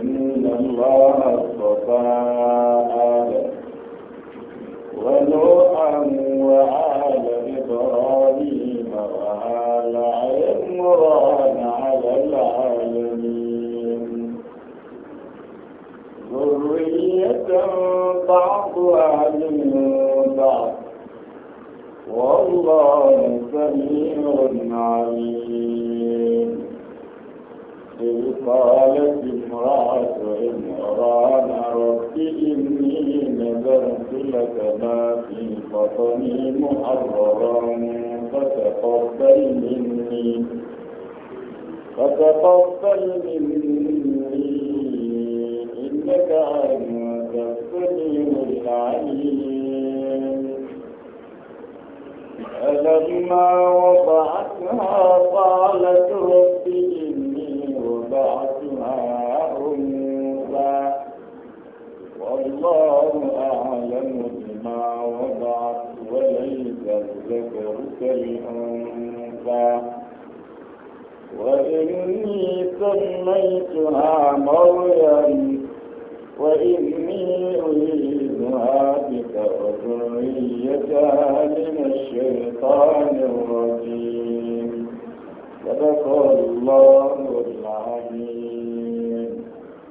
إن الله اصطفى آدم ونوحا وآل إبراهيم وآل عمران على العالمين ذرية بعضها من بعض والله سميع عليم إذ قالت امرأة عمران رب إني نذرت لك ما في بطني محررا فتقبل مني فتقبل مني إنك أنت السميع العليم فلما وضعتها قالت ربي إني وضعت الله أعلم بما وضعت وليس الذكر كالأنثى وإني سميتها مريم وإني أريدها بك وذريتها من الشيطان الرجيم صدق الله العظيم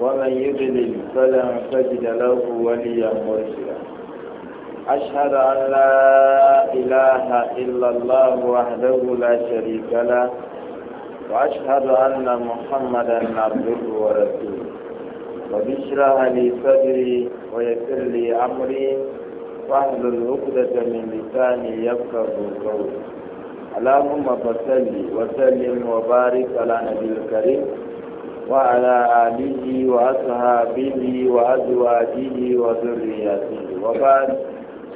ومن يضلل فلن تجد له وليا مرشدا أشهد أن لا إله إلا الله وحده لا شريك له وأشهد أن محمدا عبده ورسوله وبشرى لي صدري ويسر لي أمري واحلل عقدة من لساني يفقه قولي اللهم صل وسلم وبارك على نبي الكريم وعلى آله وأصحابه وأزواجه وذريته وبعد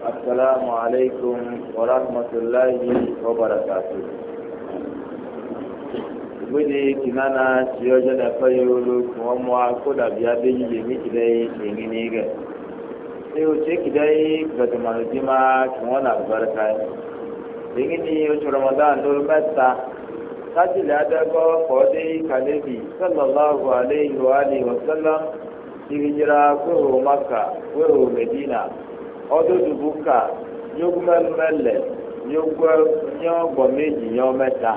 السلام عليكم ورحمة الله وبركاته gbede kinana tí ọjọ́ náà fẹ́ yóò ló kí wọ́n mú akódà bí abéyí lè mí kìdá yìí èmi ní rẹ̀ ṣé o ṣe kìdá yìí gbẹdùmọ̀lùdí máa kí wọ́n nà bàbá rẹ̀ ká yìí èyí ni oṣù ramadan lórí mẹ́ta kájìlẹ̀ adágọ́ kọ́ọ́dé kàlẹ́bì sallallahu alayhi wa alihi wa sallam maka kwèrò medina ọdún dùbúkà nyógúmẹ́lẹ́lẹ̀ nyógbọ́ méjì nyọ́ mẹ́ta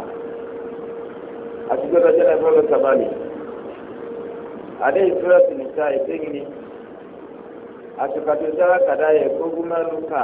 àti sábàlì adé ìfúrẹ́sì nìta ìtẹ́yìnì àtùkàtù sára kàdá yẹ kógúmẹ́lú kà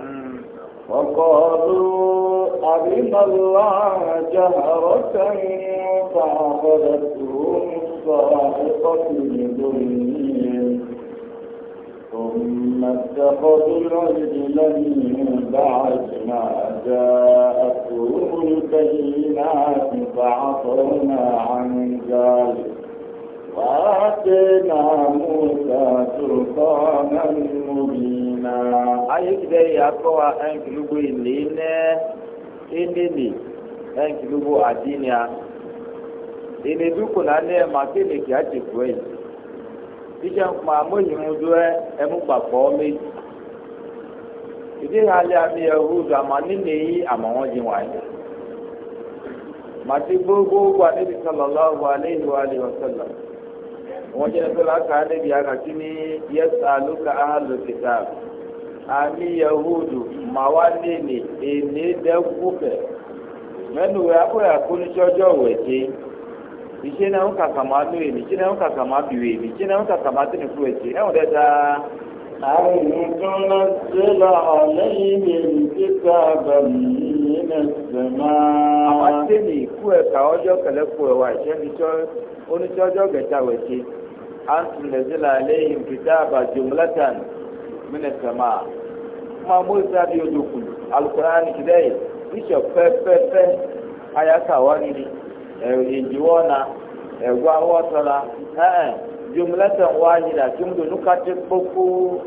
وقالوا أرنا الله جهرة فأخذتهم الصاعقة بظلمهم ثم اتخذوا العجل من بعد ما جاءتهم البينات فعفونا عن ذلك وآتينا موسى سلطانا مبينا ayikide yakɔwa ɛnkilugbo ile nɛ enele ɛnkilugbo adinia eneduko nanɛ makele kia tsekue titse nkuma amoyimu do ɛ ɛmukpakpɔ mi. ìdí hali àmì ẹ̀hú do àmà nílé yí àmà wọn jí wáyé màtí gbogbo wà níbi sọlọ lọ́wọ́ aléyìí wà sọlọ wọn jẹ́ níbi yẹ́sà áhà ami yahudu mawanene ene dẹkufẹ mẹnu wẹ akọ yà kó nítsọjọ wẹ dé ìṣe náà ń kàkà máa lóye ní ìṣe náà ń kàkà máa bìwé ní ìṣe náà ń kàkà máa tẹ̀lé fún ẹ̀jẹ̀ ẹ̀wọ̀n dẹ́ ta. àìsàn sílẹ̀ ọ̀lẹ́yìn èyí tí ká bẹ̀ mí nínú sẹ́mà. àwọn àtẹ̀lé ikú ẹ̀ka ọjọ́ kẹlẹ́kọ̀ọ́ ẹ̀wà ìṣẹ́bíṣọ́ oníṣọ́jọ́ gẹ̀ta wẹ̀ dé. àǹtí lẹ́sílẹ̀ àlẹ́yìn mina sama kuma musa bi ojo kun alukurani kidai bishọ pẹpẹpẹ ayaka wari ni ejiwo na ẹgwa wọtọla ẹn jumlatan wahida kimdo nukati kpokpo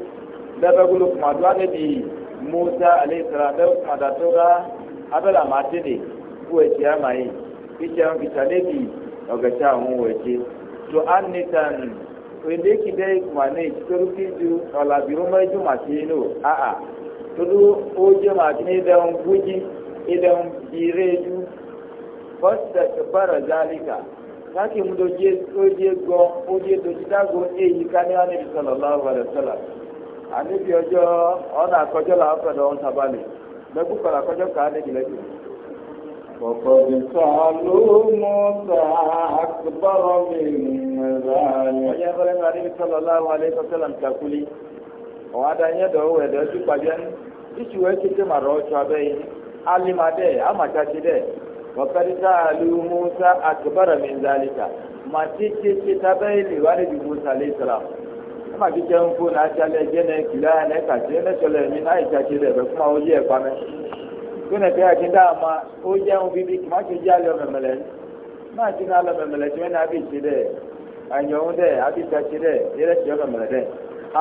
dabagulu kuma do anabi musa alayhi salam dabagulu kuma da tora abela mate ne ko eti ama yi bishọ nkita nebi ọgacha ahun wọ eti wende kide mane kitoruki ju ola mai ju matino aa tudu oje matine da un guji ida un bire ju fasta kabara zalika kake mu doje oje go oje doje dago e yi kani ani sallallahu alaihi wasallam ani bi ojo ona kojo la ofa do on tabali me ku kala kojo ka ne gile ju وقد سألوا موسى أكبر من ذلك وجاء قال النبي صلى الله عليه وسلم كقولي وهذا يدعو يدعو سبحان iṣu ẹ ti tẹ màrọ ọṣọ abẹ yìí alimadẹ amadade dẹ wọkàdíkà alu musa akibara mẹzalika màtí tètè tábẹ ilé wà níbi musa alayhi salam ẹ má fi jẹ ń fún náà ṣálẹ jẹ náà kìlá náà kàtí ẹ náà ṣọlẹ mi náà ìṣàṣẹ rẹ bẹ fún àwọn yẹ ẹ pamẹ. tó nà fẹ́ àti dáàmà ó jẹun bíbí kì má ti jẹ́ alẹ́ ọ̀mẹ̀mẹ̀lẹ́ má ti ná alẹ́ ọ̀mẹ̀mẹ̀lẹ́ tí wọ́n ní abí ìṣe dẹ̀ àyànwó dẹ̀ abí ìṣe dẹ̀ yẹ́rẹ́ ti ọ̀mẹ̀mẹ̀lẹ́ dẹ̀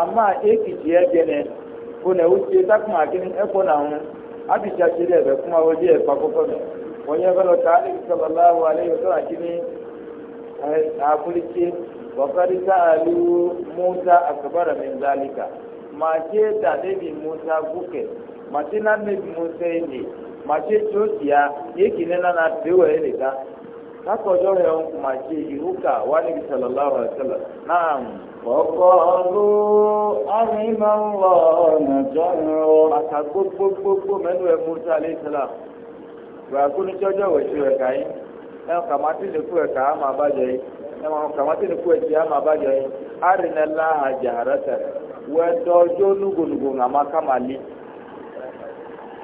àmà èkìtì ẹ̀ gẹ́nẹ̀ kó nà ó ti mi yẹ lọ musa mi musa màtí na níbi mo sẹ́ a màtí tí ó sì ya yé kì ní nánà déwọ̀ ẹ̀ nìka kákọ̀jọ́ rẹ̀ ń kò màtí ìhúkà wà níbi sọ̀lọ́lá ọ̀rọ̀ sọ̀lọ̀ náà. Ọ̀kọ̀ọ̀lú àmìmọ̀ ń lọ ọ̀nà Àkà gbogbogbò mẹ́nu ẹ̀ ìsìlá. Ẹ á máa Ẹ á máa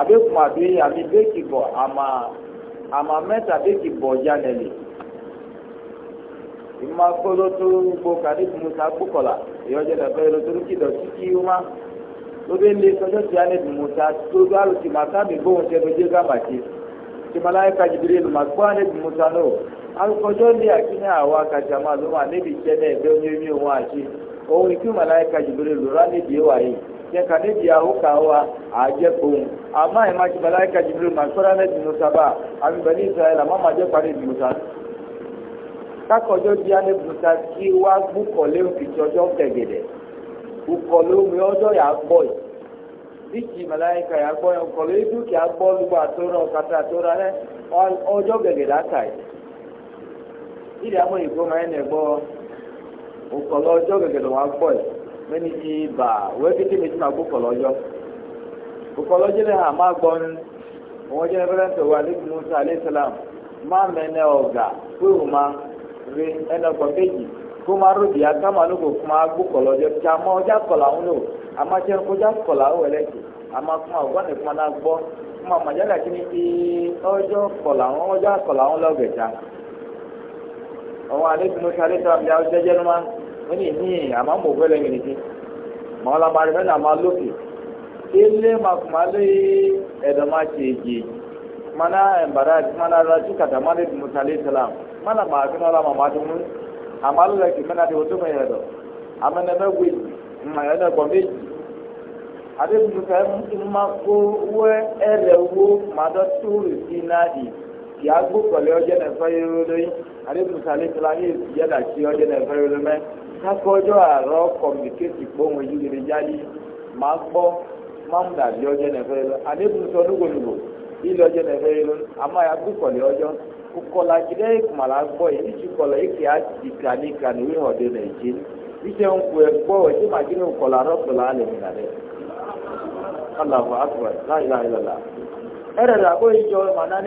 abe kuma bi abi beki bɔ ama ama mɛta beki bɔ ya nɛli ima kolo to gbo kadi musa kpokɔla yɔdze la bɛ yɔdze to ki dɔ titi ma to be le sɔjɔ tia ne musa to do alo tima ta mi bo ŋutɛ do dze gama ti tima la yɛ ka dzibiri luma kpɔ ne musa no alukɔjɔ li akini awa kati ama loma ne bi tse ne ɛbɛ nyuie nyuie wɔn ati ohun ikú ma la yɛ ka dzibiri lura ne die wa yi. yẹn ka níbi ahụ kà wá àjẹ kòun àmọ́ ẹ̀ máa ma bala ẹ̀ka jìbìrì máa sọ́ra ẹ̀ dùnú sábà àmì bẹ̀rẹ̀ israẹl àmọ́ máa jẹ́ parí dùnú sábà. kákọ̀jọ́ di alẹ́ dùnú sábà kí wá gbúkọ̀ léwu kìtì ọjọ́ kẹ̀gẹ̀dẹ̀ ukọ̀ léwu mi bíkì ya dúkì amóyìnbó mini ti ba wo ekeke mi ti ma gbó kɔlɔdzɔ kɔlɔdzɔ le hã ma gbɔ nu wọn jẹ ɛfɛ ŋtɔ wa ale musa ale salam ma mɛ ne ɔga kpéwò ma re ɛnɛ gbɔ kéjì kó ma ro bia kama ló kó kuma gbó kɔlɔdzɔ tsa ma ɔdza kɔla ŋu lò ama tse kó dza kɔla ŋu lɛ a ama kuma ɔgbɔ ne kuma na gbɔ kuma ma dza gati ni ii ɔdzɔ kɔla ŋu ɔdza kɔla ŋu lɛ ɔgɛ tsa ɔwɔ ale musa ale salam ya ɔdze dze nu ma wani ni ama mo fele ngi ni ma la ma me na ma loki ile ma kuma le e da ma ce ji mana embara mana ra ci ka da ma ne mutale salam mana ma ga na la ma ma dun ama lo ki mena de oto me ya do ama na ma ya na ko me ade mu ka mu ma ko we ere wo ma do turu lóyún adébùsálẹ fúlàní yẹdà kakɔjɔ kọjọ kɔmuniketi kpɔ ŋun yi yiri yali maa gbɔ maa ŋun dàbí ɔjɛ n'ɛfɛ yɛ na ale bu sɔ nugolugo ilé ama ya kú ọjọ ɔjɔ kɔla ti la na etsi itse ŋku ɛgbɔ etsi ma kini kɔla arɔ kpɔla alɛ na dɛ kala fɔ akpɔ láyi láyi lɔ la ɛrɛ la ọjọ ma na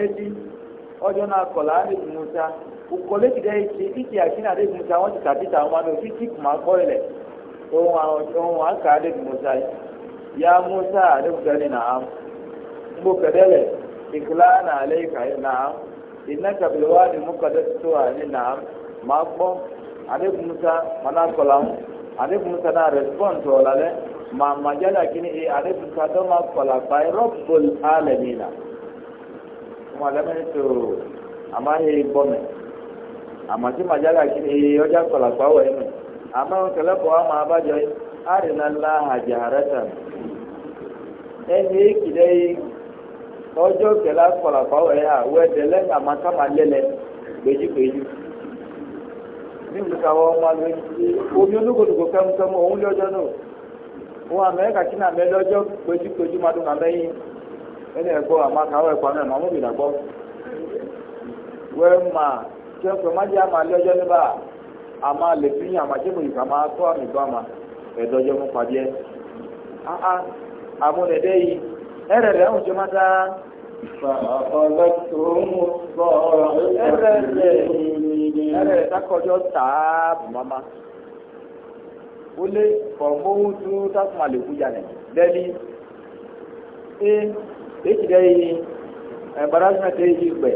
ukọlẹ́tì dẹ́ ṣe títí àṣìnà àdéhùn musa wọ́n ti kàdíta àwọn àmì òfin tí kùmà kọ́ ilẹ̀ ohun àwọn ohun àǹkà àdéhùn musa yìí ya musa àdéhùn musa ni nàá mbó kẹdẹ́lẹ̀ ìkìlá nà alẹ́ ìkà yìí nàá iná kàbílẹ̀ wá ní mọ́kàdé tó wà ní nàá máa gbọ́ àdéhùn musa mọ́nà kọ́lá mu àdéhùn musa náà rẹ̀spọ́ǹtì tó máa kọ́lá báyìí rọ́pùl amati majaga kini yoja kola kwa wenu ama kelepo ama abajo arina laha jaharatan eni kidei ojo kela kola kwa we ha wedele ama kama lele beji beji níbi káwọn ọmọ àgbẹ̀ omi olókòtòkò kẹ́mukẹ́mu òun lọ́jọ́ náà wọn àmẹ́ríkà kí ní àmẹ́ lọ́jọ́ péjúpéjú máa dún àmẹ́yìn ẹni ẹ̀gbọ́ àmọ́ káwọn ẹ̀kọ́ àmẹ́ màmúbìnà gbọ́ wẹ́ẹ́ máa tí wọn pè má jẹ́ àmà lẹ́jọ́ níbà àmà lè fi yàn àmà jẹ́mu ìkà máa tọ́ àmì gbọ́ àmà ẹ̀dọ́jọ́ mú pàdé ẹ̀ àmúnẹ̀dẹ́ yìí ẹ̀rẹ̀ rẹ̀ ń jẹ́ má dáa. ẹ̀rẹ̀ rẹ̀ ẹ̀rẹ̀ ó lé tó kú jalè ẹ̀ yìí ẹ̀ yìí gbẹ̀.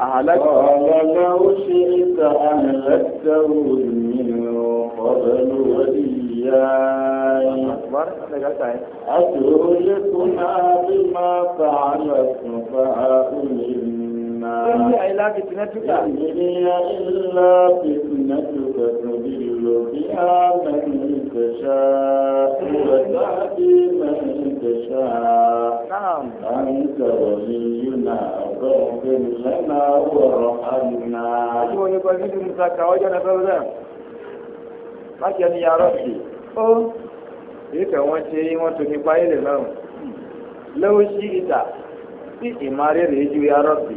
أهلكت قال لو شئت أهلكتهم من قبل وإياي أتهلكنا بما فعلت سفهاء إن إلا فتنتك إن هي إلا فتنتك تضل بها من تشاء وتهدي من تشاء نعم أنت ولينا فاغفر لنا وارحمنا أجمع يقول مساكا وجنا فوزا ما كان يا ربي أوه èyí kan wọ́n ṣe wọ́n tó nípa ilẹ̀ náà lọ́wọ́ sí ìta sí ìmárèrè ju ya rọ́bì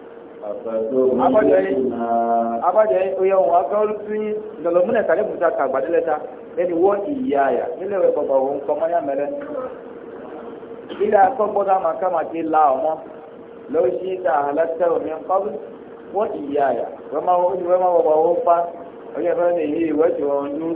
abajɛ oye wɔn aka olutu yi lɔlɔmu nɛ kare musa ka gbadɛ lɛ ta ɛni wɔ iya ya ilé wɛ bɔbɔ wɔn kɔmɔ ya mɛ lɛ ti la ɔmɔ lɔsi ta ala tɛ o mi nkɔbi wɔ iya ya bɔbɔ pa ɔyɛ fɛn ne yi wɛtsi wɔn du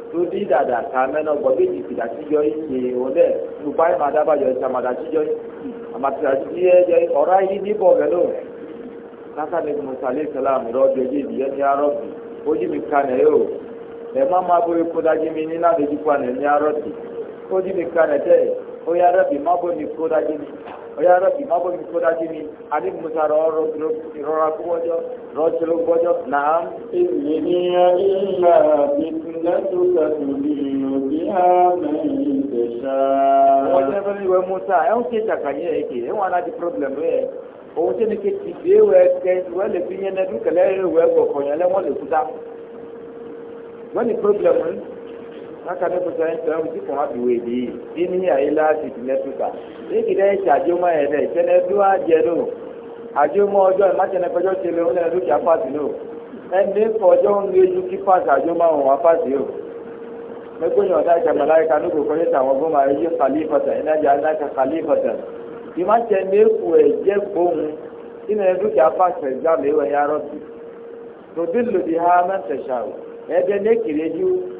lódì dada ka mẹ́nà gbọ́ bí jìkìdà tíjọ́ ìṣe ma lùpá ìmọ̀ adábàjọ́ ìṣe àmàdà tíjọ́ àmàtìrà ẹ̀jẹ̀ ọ̀rá yìí níbọ̀ rẹ̀ lò lásàlẹ̀ sàlámù rọ́ọ̀dù ẹ̀jẹ̀ ní ó mi ka nẹ̀ yóò ẹ̀ má má bóyá kó dájú mi ní náà ọ̀yá rẹ̀bì má bómi tó dájú ni alẹ́ musa rọ ọrọ̀ ìrora kó wọ́jọ́ rọ́ọ̀tì ló gbọ́jọ́ náà. ìlera ìlà ìpínlẹ̀ tó kàtó ní òbí àmì ìdẹ̀ṣà. wọ́n jẹ́ fẹ́mi wẹ́ musa ẹ̀ ń ké jàkàyé ẹ̀ kì ẹ̀ wọn á di problem rẹ̀ òun tẹ́ni ké ti dé wẹ́ kẹ́ wẹ́ lè fi yẹn nẹ́dúkẹ́lẹ́ wẹ́ gbọ̀kọ̀yẹ́ lẹ́wọ́n lè haka ne kusa yin tsayon ji kuma duwe bi dini ya yi lati ti ne tuta ni ki dai ta jo ma ene se ne duwa je no ajo mo ojo ma se ne kojo se le o ne duki apasi no ene ko ojo n le ju ki pas ajo ma won apasi o me ko yo da ja malaika nu ko ko ta won ma yi e khalifata ina e ja na ka khalifata ti ma se ne ku e je gbohun ti ne duki apasi e ja le we ya ti to dillu biha man tashaw ebe ne kireju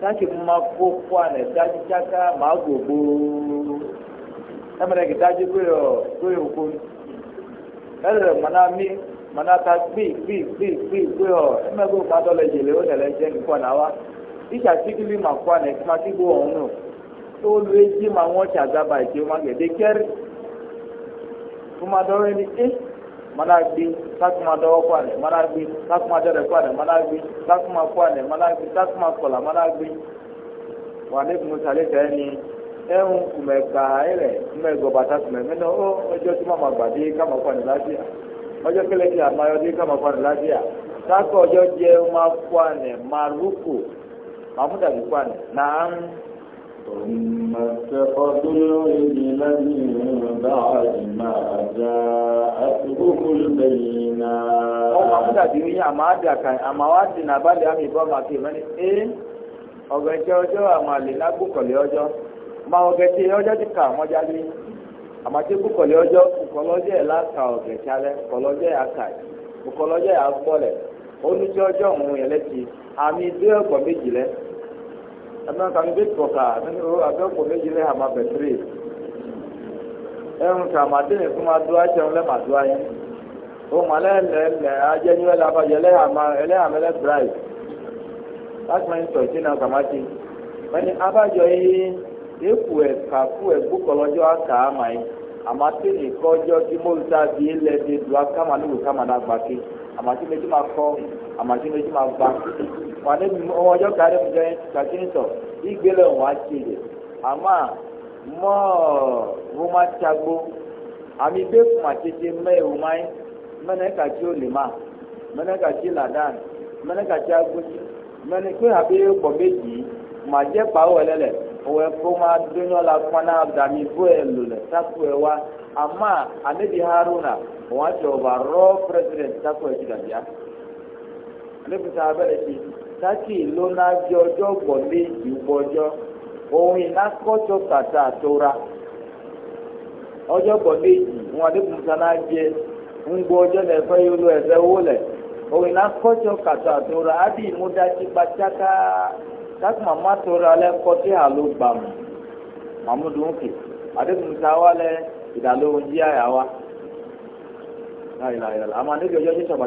káàkì ma kó fún àná dájú jáká gbogbo ẹmẹrẹ kì dájú pé ọ pé òkú ẹlẹrẹ mọnà mí mọnà ta gbì gbì gbì gbì pé ọ ẹmẹgbẹ òkú adọlẹ jèlè ó lẹlẹ jẹ nìkan náà wá ìṣà tìkìlì mà kó àná kí má ti gbó ọhún nù tó lu èjì mà ma mana gbi takuma dɔwɔ kɔ anɛ mana gbi takuma dɛrɛ kɔ anɛ mana gbi takuma kɔ anɛ mana gbi takuma kɔla mana gbi wa ne kun sale tɛ ni ɛnu kumɛ gaa yi lɛ kumɛ gɔbata kumɛ mɛ nɔ o ɔjɔ tuma ma gba di kama kɔ anɛ lafiya ɔjɔ kele ti a ma yɔ di kama kɔ anɛ lafiya takɔ ɔjɔ jɛ ma kɔ anɛ ma luko mamu dabi kɔ anɛ naa. ثم اتخذوا العجل من بعد ما جاءتهم البينات ọmọ fún dàbí yín àmọ́ àdàkà àmọ́ wá sí nàbàlẹ̀ àmì ìbọn màkì mẹ́ni ẹ́ ọ̀gẹ̀jẹ̀ ọjọ́ àmọ́ àlè ọjọ́ máa ọjọ́ ti kà jáde àmọ́ tí ọjọ́ ẹ̀ láka alẹ́ àkà àgbọ̀lẹ̀ oníṣẹ́ ọjọ́ òun yẹn lẹ́tì àmì ọ̀gbọ̀n méjì lẹ́ ana kan bi to ka nan ro a ga ko meji le hama betri en ka ma de kuma duwa ce le ma duwa yin o ma le le le a je ni la ba je le hama le hama le drive that means to kina kamati mani abajo yi eku e ka ku e bu ko lojo aka mai mo ta bi le de duwa kama ni ko kama na gba ki ama ti meji ma ko ama ti meji ma wọn ní mímú ọmọ ọjọ́ kárí mi jẹ́ kàkíńtọ̀ ìgbélé òun á ti lè àmọ́ mọ́ ọ má àmì bẹ́ẹ̀ kùmà tètè mẹ́ ìwò máyé mẹ́nẹ́ kàtí ó mẹ́nẹ́ làdán mẹ́nẹ́ agbóṣe mẹ́nẹ́ pé àbí pọ̀ méjì mà jẹ́ pàwọ́ òwe kó dúnyọ́ la dàmí bó ẹ sáfù ẹ wá haruna sáfù ẹ ti ti. káàkì ló náà di ọjọ́ gbọ̀ méjì gbọ́jọ́ òun iná kọ́jọ́ kàtà àtọ́ra ọjọ́ gbọ̀ méjì wọn adékùn náà jẹ ń gbọ́ ọjọ́ náà ẹ̀fẹ́ yóò lo ẹ̀fẹ́ owó lẹ̀ òun iná kọ́jọ́ àtọ́ra ábí ìmúdájí pàtàkà lẹ́kọ́ tí ló gbà mọ́ wa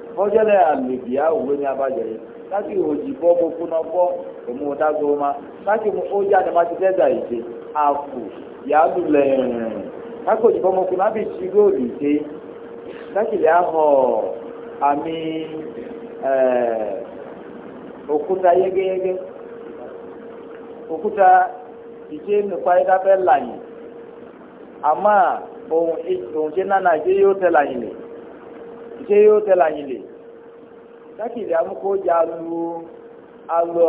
fọjọlẹ àlèbí ní láti gbogbo náà dágbó ma láti ojú àdàmà ti dẹ́gbà ìṣe àpò yàálù lẹ́ẹ̀rìn láti gbogbo góòlù ìṣe láti lè àmì òkúta yégéyégé òkúta ìṣe nípa ẹ̀dá fẹ́ làyìn àmọ́ ohun ìṣe náà nàìjíríà yóò tẹ̀ làyìn lè. ṣé yóò tẹ́lẹ̀ àyìn lè kákìlì amúkójà lu alọ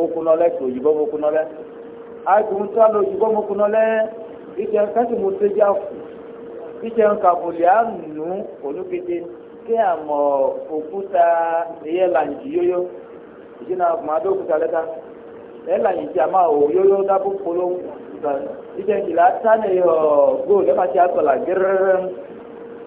okunọlẹ tó yìí bọ́mọ okunọlẹ àìkùn tó alọ yìí bọ́mọ okunọlẹ ìjẹ kásìmù tẹ́jà kù ìjẹ nkàbùlì ànú olùkété kí àmọ̀ òkúta ẹ̀yẹ làǹjì yóyó ìjìnà àmàdó òkúta lẹ́ta ẹ̀yẹ làǹjì tí a máa yóyó dábò polówó ìjẹ ìlà tánìyàn góòlù ẹ̀ máa ti àtọ̀là gẹ́rẹ́rẹ́rẹ́.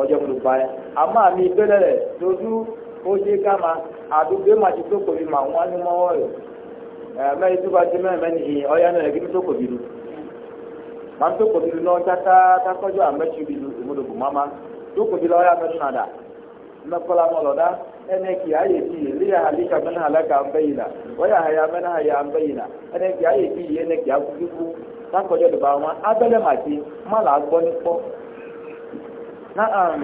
ọjọ́ gbogbo ayé àmọ́ àmì ìbẹ̀rẹ̀ rẹ̀ lójú ó ṣe ká ma àdúgbò má ti tó kòbí mà wọ́n á ní mọ́wọ́ rẹ̀ ẹ̀ẹ́mẹ́ ìtúbà tí mẹ́rin mẹ́rin ìyìn ọ̀yá náà kí ní tó kòbí lu máa tó kòbí lu náà tátá tákọ́jọ́ àmẹ́tù bí lu ìmúdò bù máma tó kòbí lu ọ̀yá mẹ́tù nàdà mẹ́kọ́lá mọ́ lọ́dá ẹnẹ kì نعم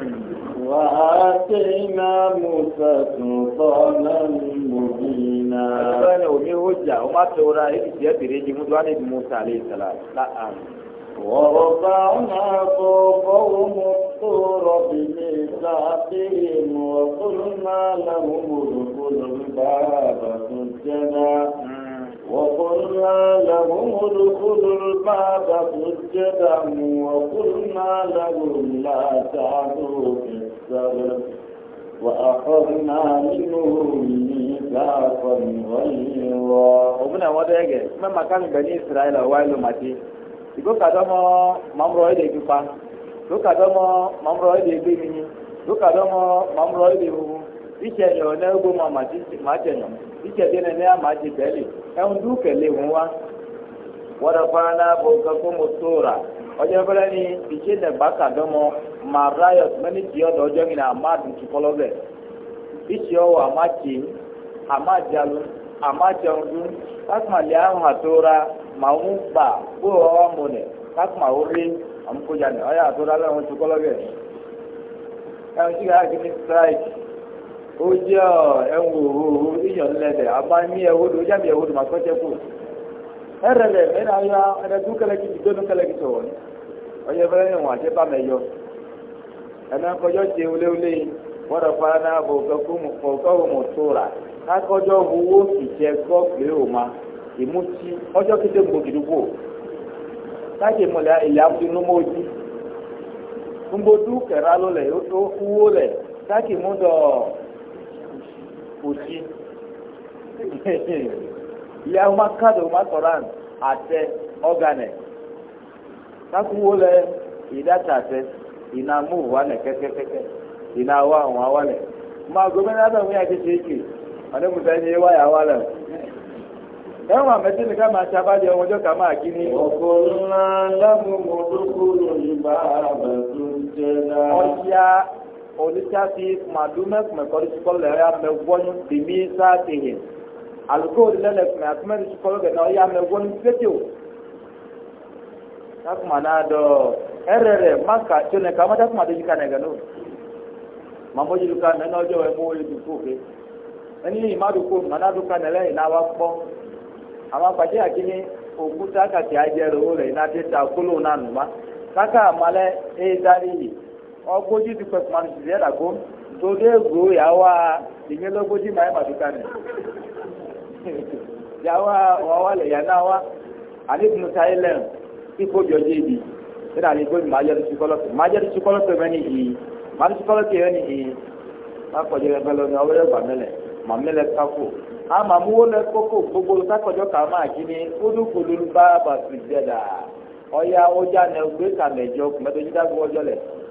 وآتينا موسى سلطانا مبينا أتبعنا ومي هجة وما تورا إذا بريجي مدوان موسى عليه السلام نعم ورفعنا فوقهم الطور بميثاقهم وقلنا لهم ادخلوا الباب سجدا وقلنا لهم ادخلوا الباب سجدا وقلنا لهم لا تعدوا في السبت وأخذنا منهم ميثاقا غليظا ومن ودعك مما كان بني إسرائيل وائل ماتي Igo kadomo mamro ede kupa. Igo kadomo mamro ede gbemini. ẹ̀hún dúkẹ́ lè wọ́n wá. wọ́n dọ̀fà náà bò ni ìṣe dẹ̀gbáka baka máa ráyọ̀ mẹ́ni tí ọ̀dọ̀ mi náà máa dùn tún kọ́lọ́ bẹ̀. ìṣe ọwọ́ àmá tì í jalu àmá jẹun dún kákùmá lè àwọn àtóra màá ń gbà bó ó jẹ́ ẹ̀wọ̀n òhòhò ìyàn lẹ́dẹ̀ àbá ní ẹ̀wọ̀n ló jáde ẹ̀wọ̀n ló máa kọ́ jẹ́ kù ẹ̀rẹ̀ lẹ̀ mẹ́rin ayá ẹ̀rẹ́dú kẹlẹ́kì ti dónú kẹlẹ́kì sọ̀rọ̀ ni ọyẹ fẹ́rẹ́ ni wọ́n àti bá mẹ́ yọ ẹ̀nà kọjọ́ ti wúléwúlé wọ́n rẹ̀ fara náà bò kọ́kọ́ mọ̀ tóra kákọ́jọ́ owó kìjẹ gọ́ọ̀gbé òma ìmúti ọjọ́ kété gbògidugbo káàkiri mọ̀lẹ́ ìyá numoji nbodu kẹrẹ alólẹ̀ owó lẹ̀ káàkiri mú dọ̀ọ́ òṣì ìyá ọmọ káàdì ọmọ sọ̀rọ̀ àtẹ ọ̀gànẹ̀ kákúwó lẹ ìdáta àtẹ ìnà mú wà lẹ kẹ́kẹ́kẹ́kẹ́ ìnà wà wọn wà lẹ máa gómìnà àtàwọn yà kéṣe èké ọdún mùtá ẹni wáyà wà lẹ ẹ̀rọ àmẹ́tí ni ká máa ṣe abájọ ọmọ ọjọ́ ká máa kí ní. ọ̀pọ̀ ńlá lábùmọ̀ tó kúrò ìbá àbẹ̀tún jẹ́ náà. ọ̀yá onisiati madume kume kɔri sukɔlɔ ya mɛ wɔnyu bimi saati hin alukóri lɛ lɛ kume akume ni sukɔlɔ gɛ na ya mɛ wɔnyu pete o takuma na dɔ ɛrɛrɛ maka tso ne kama takuma de yi ka nɛ gɛ no mamɔdzilu ka nɛ n'ɔdzɔ wɛ mo yi du koke ɛni yi na du ka nɛ òkúta kàtí adzɛ rẹ wo ti ta kolo na numa kaka ma lɛ eyi da ọgbójì ti pẹ̀ kùmà nìtì yẹ́ dàgbó tó dé gbó yàwá ìyẹn lọ́gbójì máa ń màdùkà nì yàwá wà wà lẹ̀ yàná wa àníkùnú táyé lẹ́m ipò jọjọ ibi yẹ́nà àníkó mi máa yẹ lùsí kọ́lọ́pù máa yẹ lùsí kọ́lọ́pù ẹ̀mẹ́ ní ìyí máa lùsí kọ́lọ́pù ẹ̀mẹ́ ní ìyí má kọjọ ẹgbẹ́ lọ ní ọwọ́ ẹgbà mẹ́lẹ̀ mà mẹ́lẹ̀ káfò a máa mú wọlé kókó gbogbo sákọjọ kà máa jí ni kúlùkùlù bá bàtú jẹ dà ọ̀ya ọjà nẹ gbé kàmẹ́jọ kùmẹ́tọ́jú dágbó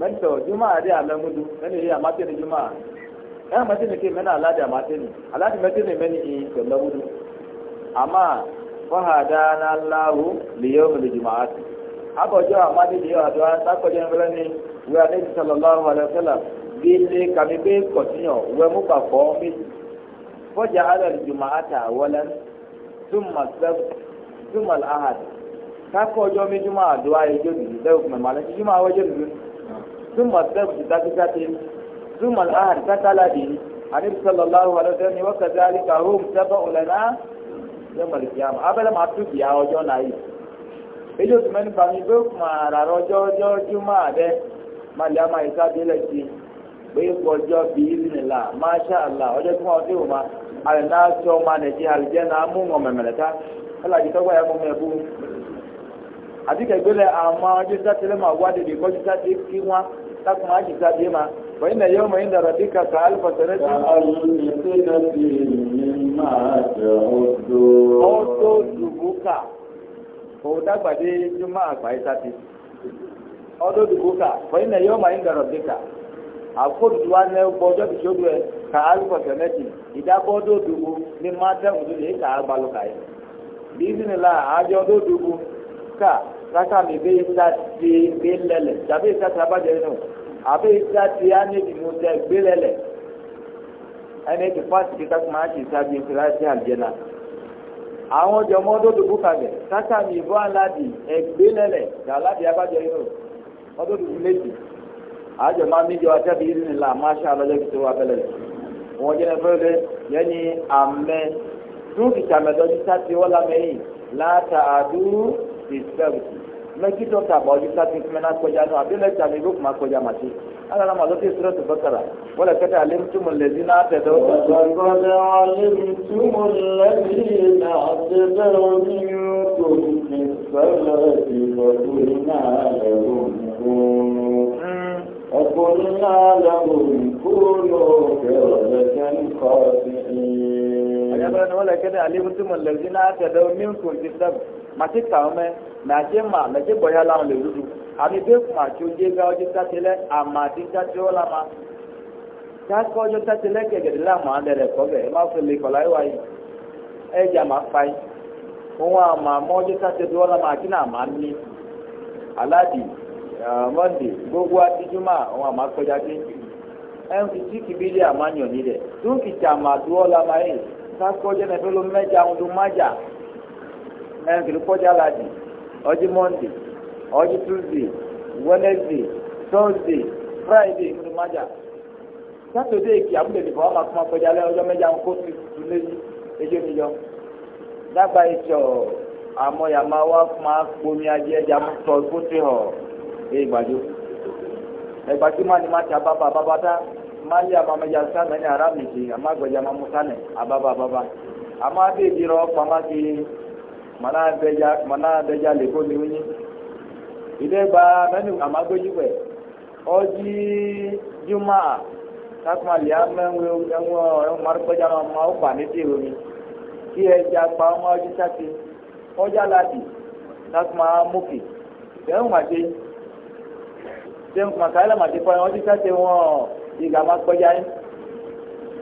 mẹ́tọ̀ jùmọ̀ àdé àlẹ́múdu ala yìí àmátẹ́ni jùmọ̀ ẹ̀ mẹ́tẹ́ni ké mẹ́ni aládé àmátẹ́ni aládé mẹ́tẹ́ni mẹ́ni ìyìn pẹ̀lẹ́múdu àmà fọ́hàdáná láwù lèyọ́ mẹ́lẹ̀ jùmọ̀ àti. akọ̀jọ́ àmádé lèyọ́ àdúrà sákọ̀jọ́ ńlẹ́ ni wíwá níbi sọlọ́láhu alẹ́sọ́là gbélé kàmi gbé kọ̀tíyàn mi. mi ثم الذبح بكتة ثم الأهل كتلدي النبي صلى الله عليه وسلم وكذلك هم تبع لنا يوم القيامة أبدا ما تبيع أوجونا إيه ejo tí mẹni fami bó máa rà rọjò ọjọ júmọ àdẹ máa lè ama ìka bí lẹsí pé ma bí ìrìnlá máṣá ọjọ ma mẹmẹrẹ wọn. takun aji sabi ma wa inna yawma inda rabbika ka alfa sanati alfinati mimma ta'uddu oto dubuka o dagbade juma agbaye sati oto dubuka wa inna yawma inda rabbika àkóòtù wa ní ọgbọ ọjọ́ tó ṣojú ẹ ka alfa sanati ìdábọ́dọ̀ dubu mimma ta'uddu lè ka agbaluka yìí bí sinila saka mi be ta ti gbe lɛlɛ tabi ta ta ba jɛ no abe ta ti anebi mo tɛ gbe lɛlɛ ɛnɛ ti fa ti ta kuma ti ta bi e ta ti alijɛ la àwọn jọmọ ọdọdọ bó kalẹ saka mi bọ aladi ẹgbẹ lɛlɛ ta aladi aba jɛ no ọdọdọ bó méjì àjọ máa mi jọ atẹ́bi yìí nìlá máa ṣe alọ́jọ́ kìtó wa bẹ́lẹ̀ lẹ̀ wọn jẹ́ fẹ́rẹ́ yẹ́nì amẹ́ dúkìtà mẹ́tọ́jú sátì wọ́lá mẹ́yìn látàdúró ìsẹ́wìtì mɛki dɔkta bɔ yi sati kumɛ na kɔdza nɔ abe lɛ tani ibi kuma kɔdza ma ti ala la ma lɔ ti srɔ tu bɔtara wala kɛtɛ ale tu mu lɛ zina tɛ dɔ. wɔlɔkɔlɛ ale tu mu lɛ zina tɛ dɔ ni ko ni sɛlɛ ti bɔ tuli na lɛ ko kunu. ɛkuni na lɛ ko kunu kɛlɛ kɛ n kɔ ti. ọ̀yẹ́bẹ̀rẹ̀ ni wọ́n lè kéde na mọ̀lẹ́bí náà tẹ̀lé mímkù ti sẹ́m màtí kàwọn mẹ́ màtí mà mẹ́tí bọ̀yá làwọn lè dúdú àmì bí kùmà tí ó dé gá ọjọ́ ma àmà tí sátẹ ó lama kákọ́ ọjọ́ sátẹlẹ́ gẹ̀gẹ̀dẹ̀ làmà á lẹ̀rẹ̀ kọ́bẹ̀ ẹ fa ta gbogbo àtijúmọ́ àwọn ń fi tíkì bílíà yàn nílẹ̀ tó ń fi yìí. kakɔdze nɛfɛ lɛ mɛdza ŋdu madza ɛnkele kɔdze aladi ɔdzi mɔndi ɔdzi tuzi wɛnɛzi tɔnzi fraide ŋdu madza sátɔdé eki amúlẹ̀dì bọ̀ ɔmà kuma kɔdze alɛ ɔdzi mɛdza ŋkó tu tu n'eyi edzo mi yɔ dagba etsɔ amɔ yama wa kuma kpomi adi ɛdza mu tɔ kótó hɔ eye gbadzo ɛgbatsi mu anima tsa baba baba mali abamaja sana ni haram niki ama gbaja ma ababa ababa ama abe jiro kpama ki mana abeja mana abeja leko ni wunyi ide ba menu ama gbeji we oji juma takuma lia menwe enwe enwari gbaja ma ma ukpa ni oji sati oja muki ma ma Ị máa kpẹ́jà yín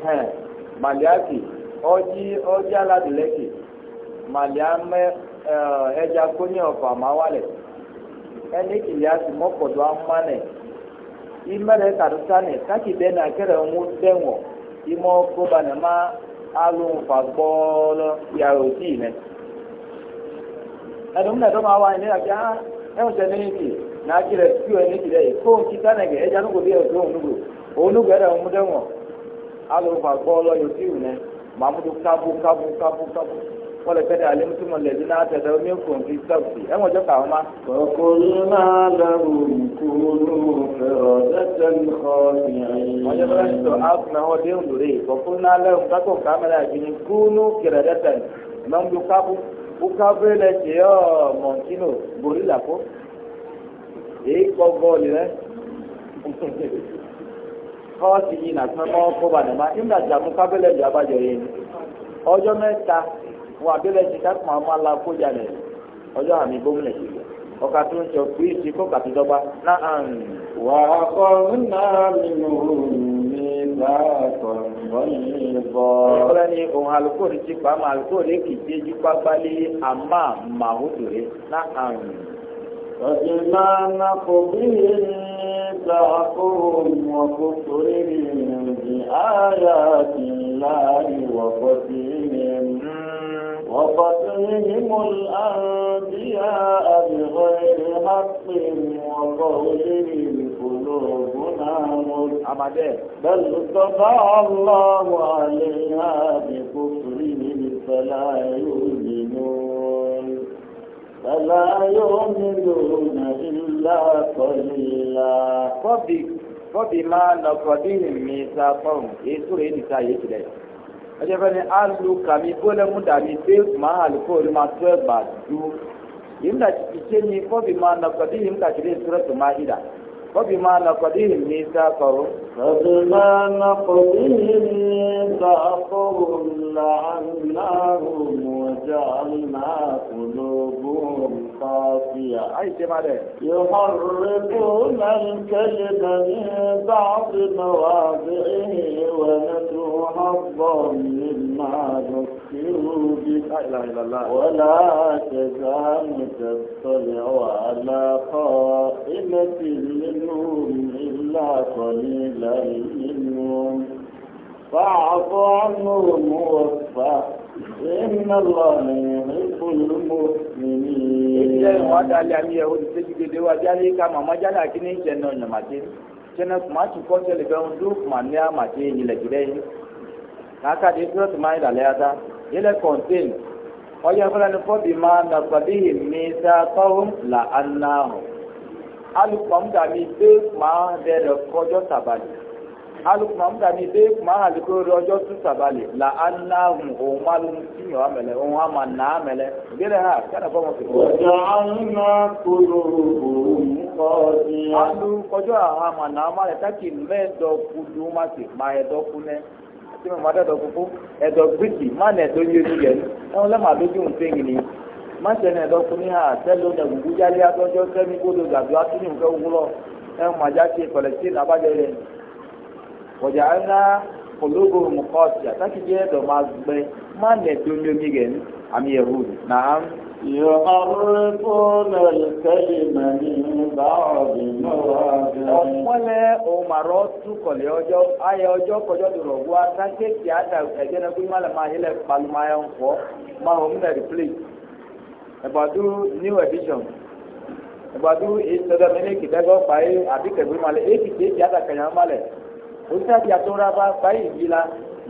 hẹ́n màlíàkì ọjí ọjí aládìlẹ́kì màlíàmẹ ẹja kóní ọ̀fà máa wálẹ̀ ẹni kìlì àti mọ́kọ̀dọ̀ amánẹ̀ ìmẹ̀rẹ̀ kàdúsánẹ̀ kákìdẹ́ náà ń dẹ̀wọ̀n ìmọ̀ máa gbọ́ọ́lọ́ yàrá òtí ẹnum ẹni àti sẹ ti náà kí rẹ kí ọ ní rẹ yìí kóhùn kíkà nẹgẹ ẹja nugu bí ẹ tó hùn olùgbẹ́rẹ́ ọ̀hún dẹ́wọ̀n alùpà gbọ́ ọlọ́yọ̀ sí ìwù náà mahmudu kabu kabu kabu kabu wọ́n lè fẹ́ dẹ́ alẹ́ mùsùlùmọ́ lẹ́dí náà tẹ̀lé omi nkùn fi sọ́ọ̀tì ẹ̀wọ̀n jọ kà wọ́n ma. ọkùnrin máa dàrú kúrú fẹ̀rọ̀ tẹ́tẹ́ nìkọ́ yẹn. wọ́n yẹ fẹ́ sọ asùnmọ̀ ẹ̀họ́ dé ndòrè ọkùnrin náà lẹ́hùn kákó kámẹ́rà yìí kúnú kẹrẹ tẹ́tẹ́ mahmudu kabu ukabu lẹ tẹ ọ mọ̀ntínò borí làkó èyí kọ́ bọ́ọ̀lù rẹ̀. kọ́ọ̀tì yìí nàti ma kóba nìma a jàmú kábẹ́lẹ̀ jù abájọ yẹn ọjọ́ mẹ́ta wọ abẹ́lẹ̀ jù kákùn la ala kójà nẹ̀ ọjọ́ àmì gómìnà jù ọkà tó ń sọ fún kó dọ́gba náà wà á kọ́ mi ò ní láàkọ̀ lọ́yìn bọ́. ni òun ti pa àmọ́ kì í dé àmà rẹ̀ náà. فإما نقضي ميثاقهم وكفرهم بآيات الله وقتلهم وقتلهم الأنبياء بغير حق وقولهم قلوبنا مرحمة بل طبع الله عليها بكفرهم فلا يؤمنون فلا يؤمنون إلا قليلا fọ́bìmá nọ̀kọ̀dínì mi sa fọ́ọ̀mù èso rẹ̀ nìta yìí tilẹ̀ ọjọ́ fẹ́ni alu kàmi bólẹ́mú dàmí pé màá àlùkò rẹ̀ máa tó ẹ̀gbà dúró yìí ń dàtí ìṣe ni fọ́bìmá nọ̀kọ̀dínì ń dàtí lè sọ̀rọ̀ tó máa yìí dà. وبما نقضيهم ميثاقهم فبما نقضيهم ميثاقهم لعناهم وجعلنا قلوبهم قاسية أي شيء بعدين يحرفون من بعض مواضعه ونسوا حظا مما ذكروا به لا إله إلا الله ولا تزال تطلع على قائمة منهم إلا قليلا منهم فاعف عنهم واصفح إن الله يحب المؤمنين. إذا وعد على أمير وتسجد alùpùpù àmúdà ní ilé máa hàn lóko rí ọjọ́ tún sàbálẹ̀ là á ná òun máa ló ń tìyàn àmẹ́lẹ̀ òun á máa nà àmẹ́lẹ̀ gbélé hà kẹ́nà ha fi kọ́. ọjà àmúná kúrò òun kọ́ i. alu kọjọ àwọn àmàna amalẹ mẹ́ẹ̀dọ́ kudu má máa ẹ̀dọ́ tí mo máa dẹ́dọ̀ ẹ̀dọ́ má nà ẹ̀dọ́ yé yẹn ẹ̀hún ọjà ńlá ológo mùkọ́ọ̀tì àtàkì jẹ́ ẹ̀dọ̀ máa gbẹ má nẹ̀ tó ní omi rẹ̀ ní àmì ẹ̀rù náà. يحرفون الكلم من بعد مواضعه ọ̀pọ̀lẹ̀ ohun àrọ́ túkọ̀lẹ̀ ọjọ́ ayẹ ọjọ́ kọjọ́ tó rọ̀ wá sáńkéèkì àdà ẹ̀jẹ̀ náà gbé mọ́lẹ̀ máa yẹlẹ̀ palùmọ́ ń fọ́ máa hàn mílẹ̀ rìpléì ẹ̀bàdú new edition ẹ̀bàdú ìṣẹ̀dọ̀ mi ní kìtẹ́gọ́ pàì àbíkẹ̀gbé mọ́lẹ̀ èkìtì èkì àdà kẹ̀yàn mọ́lẹ̀ òṣìṣẹ́ àtúnra bá báyìí yìí la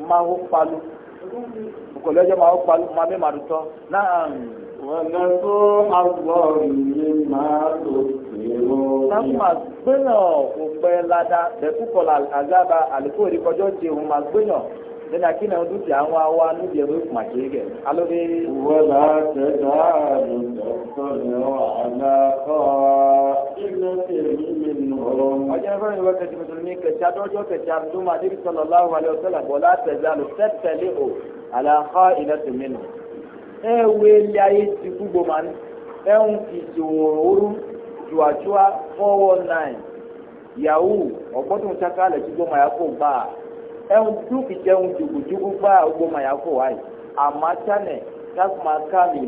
máa ó palu òkòlù ọjọ́ máa ó palu máa mẹ́ màdù tọ́ náà. wọ́n tó tó èrò. sábà gbẹ̀yàn lada bẹ̀kúkọ̀ àgába àlékò ìrìkọjọ́ ti òun máa gbẹ̀yàn lẹ́nu akínà ọdún tí àwọn awa níbi ẹ̀rọ ìkùn àti ẹ̀gẹ̀ alóde. wọ́n bá tẹ̀sán àdùn tẹ̀sán ní ọ̀hánà kọ́ ọ ọjọ́ fẹ́ràn ìwé kẹsì mùsùlùmí kẹsì adọ́jọ́ kẹsì àdúmọ̀ adébí sọ̀rọ̀ láwọn alẹ́ ọ̀sẹ̀ làbọ̀ látẹ̀lé àlọ́ tẹ́tẹ̀lé o àlàkọ́ ìlẹ́tọ̀ mẹ́nu. ẹ wo ilé ayé ti gbogbo ma ní ń fi ìṣòwò ooru jùwàjùwà four one nine ọ̀gbọ́dún sakalẹ̀ tí gbogbo mayako gbà ẹ ń dúkì jẹun jùgùjùgù gbà gbogbo mayako wáyé àmọ́ sani sákùmá ká mi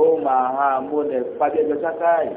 ó máa hàn mọ́ pàdé ẹjọ́ sakalẹ̀.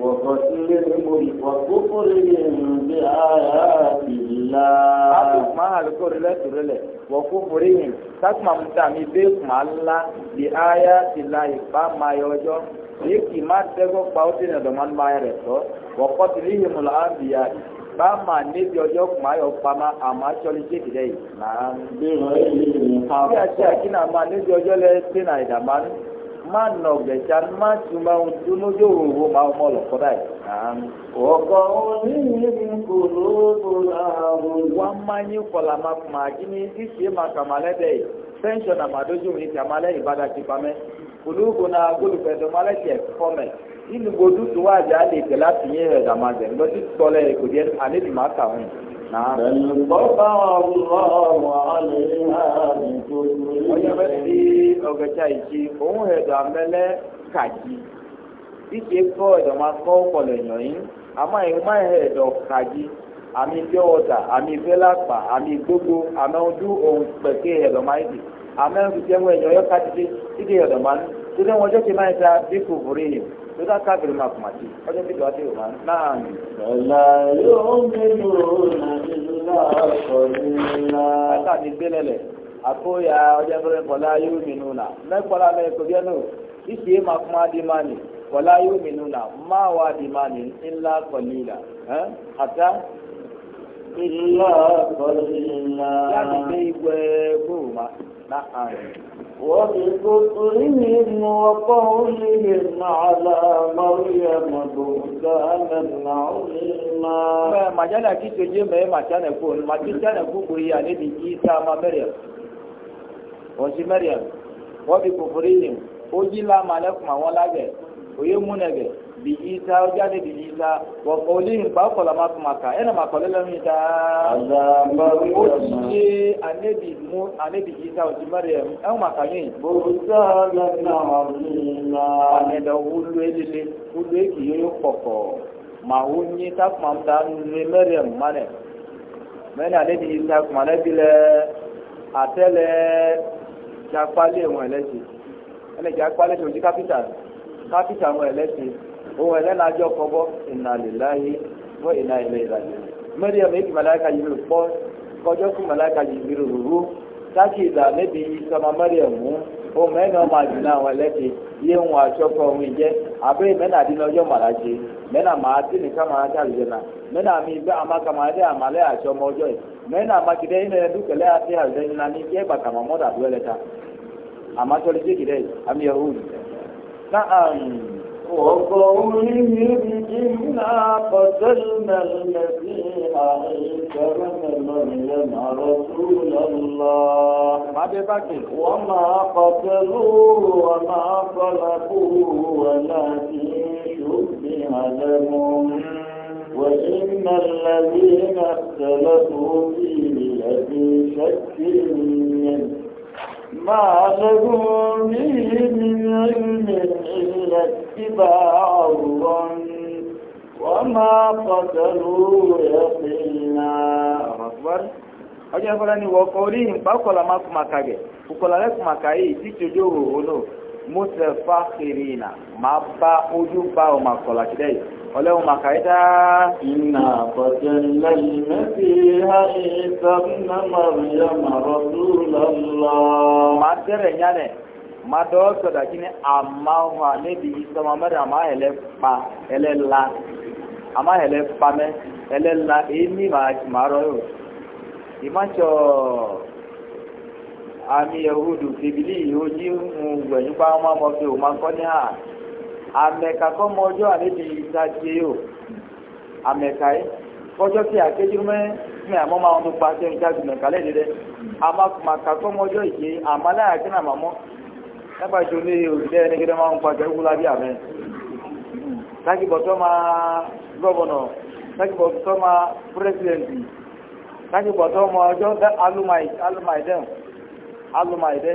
وكفرهم بآيات الله أسمع القرآن لترلة وكفرهم تسمع متعمي بيسمع الله بآيات الله فما يوجد yéèkì máa tẹ́gbọ́ pa ó dènà lọ́mọ ní máa rẹ̀ tọ́ wọ́pọ̀ tí lè yẹmu lọ́wọ́ bí i àyè bá máa níbi ọjọ́ kùmà yọ pamá àmọ́ aṣọ́lé jẹ́ ìdílé yìí. bí a ṣe àkínà máa níbi ọjọ́ lẹ́yìn tí má nà ọ̀gbẹ̀tsá má tu má tu lójó òwò má ọmọ lọ́kọ́ dà yìí. ọ̀gọ́ oníyìí ni kò lóòótọ́ láàrú. wá má nyí kọlà má kùmà kí ni ìṣe má kàmá lẹ́dẹ̀ yìí pẹ́ńsọ̀n àmàdójú mi kàmá lẹ́yìn bá dàtí pamẹ́. kòlóògùn náà gbólùfẹ̀dọ̀ má lẹ́tì fọ́mẹ̀. ìlú gbòdú tó wájà lè tẹ̀lé àtìyẹ́ rẹ̀ dàmá بل طبع الله عليها بكفرهم onye gbogbo lọ́dọ̀ kábìrì máa kùmà sí ọjọ́ bíbí ọdún yóò máa náà nù. ọ̀la yóò mímú nàìjíríà kọ̀ọ̀lá. ẹ̀ka mi gbé lẹ́lẹ̀ àkóyà ọjọ́ bẹ̀rẹ̀ yóò mímú nà láti gbé ìgbẹ́ náà وبكفرهم وقولهم على مريم بهتانا عظيما ما جانا كي تجي ما ما كان يكون ما كي كان يكون يعني دي عيسى ما مريم وجي مريم وبكفرهم وجي لا ما لك ما ولا جه oye munage bi isa ojade bi isa wa qawlihim ba qala ma kuma ka ena ma qala lam ita azamba oje anabi mu anabi isa oji maryam an ma ka yin bo sa la na marina ane da wulu elele wulu eki yoyo koko ma wunyi ta kuma da nure maryam mane mene anabi isa kuma anabi le atele jakpale wọn lẹsi ẹnẹ jakpale ti oji kapita. káfíńtì àwọn ẹlẹ́sìn òun ụmụ kọ́bọ́ ìnàlélàyé wọ́n ìnà ilẹ̀ ìrànlẹ̀ mẹ́rìàm èkì màláìka yìí rò pọ́ kọjọ́ fún màláìka yìí rò rúrú táàkì ìdá níbi sọmọ mẹ́rin ọmọ àdínà àwọn ẹlẹ́sìn yé ohun ìjẹ́ mẹ́rin àdínà ọjọ́ mẹ́rin àmà àti nìkan mẹ́rin àmì ìgbẹ́ àmàkàmà àmàlẹ́ نعم وقولهم إنا قتلنا المسيح عيسى بن مريم رسول الله وما قتلوه وما صلبوه ولكن شبه لهم وإن الذين اختلفوا فيه لفي شك منه ما لهم به من علم إلا اتباع الظن وما قتلوه ni wọ́n kọ́ oríhìn pàápọ̀lá máa kùmà kàgẹ̀ pùpọ̀lá lẹ́kùmà kàyé tí tòjó òhòhò náà mọ́sẹ̀ fáfèrè ìnà máa bá ojú bá ọmọ àkọlà kìdẹ́ yìí ọlọ́run màkàídá. iná àkọ́jẹ́ lẹ́yìn fi ha ìsọ́nà mọ̀rìyà màrọ̀ lọ́lọ́. máa tẹ́rẹ̀ yálẹ̀ máa dọ́ sọ̀dà kí ni àmà wà níbi ìsọmọ mẹ́rin àmà ẹ̀lẹ́ pa ẹ̀lẹ́ la àmà ẹ̀lẹ́ pa mẹ́ ẹ̀lẹ́ la èyí ní màá rọ yóò. ìmáṣọ́ àmì yahudu fìbílì yìí ó ní gbẹ̀yìn pa ọmọ ọmọ fi òun máa kọ́ ní hà amẹka kọmọ ọjọ àlejò ìtajà yìí amẹka yìí kọjọ tí akéjú mẹ mẹ àmọ máa ń pa ṣe ìtajà mẹka lẹni dẹ amakùmaka kọmọ ọjọ ìṣe àmàlà àkínà màmọ nípa ìṣó ní òṣìṣẹ ẹnìkẹdẹ máa ń pa ṣe wúlá bí àmẹ sákìbọ tó máa gọvọnọ sákìbọ tó máa pírẹsidẹǹtì sákìbọ tó máa ọjọ alùmáìdẹ alùmáìdẹ.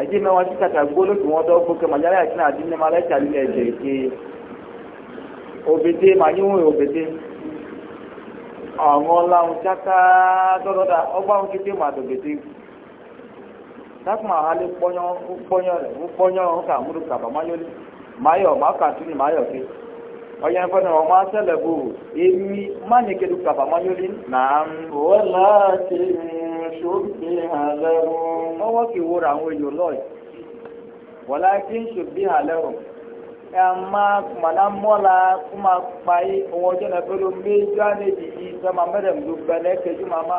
ẹdí mẹ́wàá tí kàtà gbóló tí wọ́n dọ́gbó kẹ́ màjálá yà tí náà dín ní ma lẹ́tà ma ẹ̀jẹ̀ ké òbèdè màyíwò òbèdè àwọn ọláhùn tsaka dọ́dọ́dà ọgbàhùn kété mà dòbèdè sákùmà alẹ́ kpọ́nyọ́ kpọ́nyọ́ rẹ̀ kpọ́nyọ́ kà múlò kàbà máyọ̀ máa kà tún ní máyọ̀ ọ̀yàn fẹ́ràn ọmọ asẹ́lẹ̀ bò èmi má ní kẹ́dù kàfà má yóò lé nàám. wọ́lá ti ṣòbí àlẹ́ o. ọwọ́ kì í wúra àwọn èèyàn lọ́ọ̀ wọ́lá ti ṣòbí àlẹ́ o. ẹ máa mọ̀nà mọ́la kó máa pa owó ọjọ́ náà pẹ̀lú méjì á lè dìde sọ́mà mẹ́rẹ̀ẹ́dùgbẹ́lẹ́ kẹjú màmá.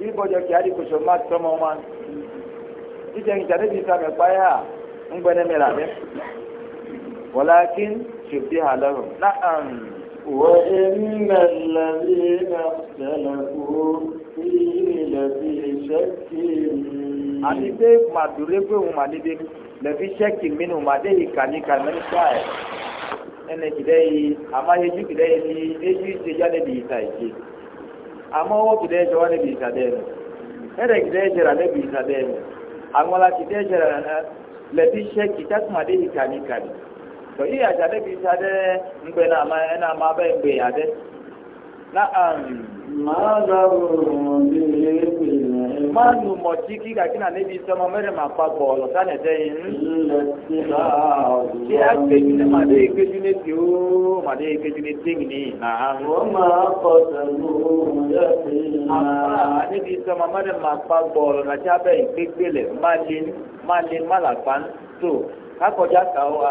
ibɔdzɔ kia di kosɔ ma tɔmɔ ma titɛ nkita ne bi sa mɛ ya ŋgbɛnɛ mɛ la mɛ walakin sofi ha lɛ o na am. وإن الذين اختلفوا فيه لفي شك Ani bɛ kuma dure bɛ ŋun ma ni bɛ lɛbi sɛki minnu ma de yi kani ka mɛ ni fa yɛ ɛnɛ kidɛ yi a ma yeju kidɛ yi ni eju seja ne bi ta yi se. àmọ́ wọ́n kìí dẹ́jọ́ wọn níbi ìsàdẹ́ rẹ̀ ẹ̀rẹ̀ kìí dẹ́jọ́ rà níbi ìsàdẹ́ àwọn la kìí rà lẹ́bí iṣẹ́ kìí Na'am. Máàlù mọ̀ tí kí kàkínà níbi ìsọmọ mẹ́rin máa papọ̀ ọ̀lọ̀ sáàlẹ̀ tẹ́yìn. Kí á gbéjú ní màdé ìgbéjú ní tí ó màdé ìgbéjú ní tíìmì ní ìnáà. Wọ́n máa pọ̀ tẹ̀lú ìyẹ́fì náà. wa.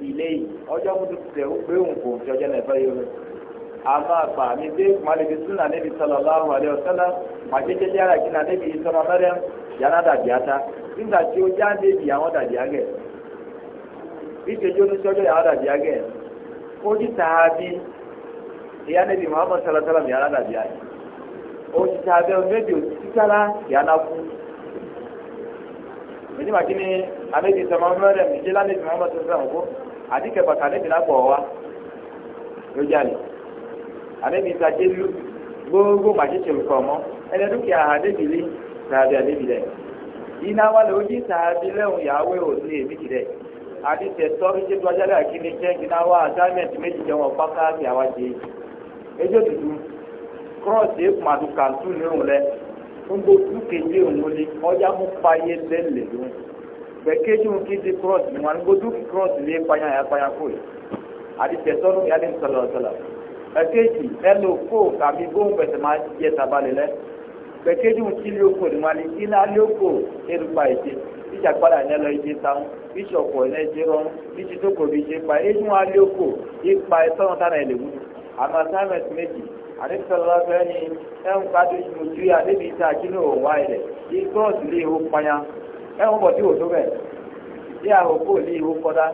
ilé yìí ọjọ́ mú tuntun tẹ̀ ó pé òun kò fi ọjọ́ náà fẹ́ yọrọ àmọ́ àgbà mi dé màlẹ́bí súnà níbi sọlọ lọ́rùn àlẹ́ ọ̀sẹ́lá màjẹ́jẹ́ yára kí náà níbi sọmọ mẹ́rẹ́ yàrá dàbí ata nígbà tí ó já débi àwọn dàbí agẹ̀ bí tẹjọ́ ní sọ́jọ́ yàrá dàbí agẹ̀ ó ti tààbí ìyá níbi muhammad sọlọ sọlọ yàrá dàbí agẹ̀ ó ti ọ̀nẹ́bí òtítàlá mini makini anabi sama mẹrẹ mi jela anabi mama tó sàn kó àti kẹfà kà anabi nàkpọ wa yóò jalè anabi ta jelu gbogbo màtsitsi lukọ mọ ẹnẹ dúkìá anabi li sàbí anabi dẹ Ina wa lè wodzi sàbí lẹ́hùn yàwé òsè méjì dẹ àti tẹ tọ́ fi tẹ tó ajalè akíní jẹ́ kíná wa assignment méjì jẹ́ wọn pàkà fi àwa jẹ ẹjọ́ tuntun cross ekuma tó kàntú nínú lẹ ŋgo duke ndi onwole ɔya mu paye lɛlɛ do gbɛkeju kiti cross ni wani ŋgo duke cross li ekpanya ya ekpanya koe adi tɛtɔ nu yadi nsɔlɔsɔlɔ gbɛkeji ɛlɛ oko kabi bon pɛtɛ ma yɛ taba le lɛ gbɛkeju ti li oko ni wani ina li oko erugba ete bísí agbada ní ẹlọ ìdí sáwọn bísí ọkọ ní ẹdí rọrùn bísí tó kò bí ṣe pa ẹnu alẹ oko ipa ẹsọ náà tánà ẹlẹwù àmọ assignment méjì àdébísọ̀lọ́ fẹ́ ni ẹ̀hún kájú ìmùtúrí àdébí ìta àjínú òwá ilẹ̀ yìí gọ́ọ̀sì lé ihò panya ẹ̀hún bọ̀ tí ò tó bẹ̀ yí àhòkò lé ihò kọ́dá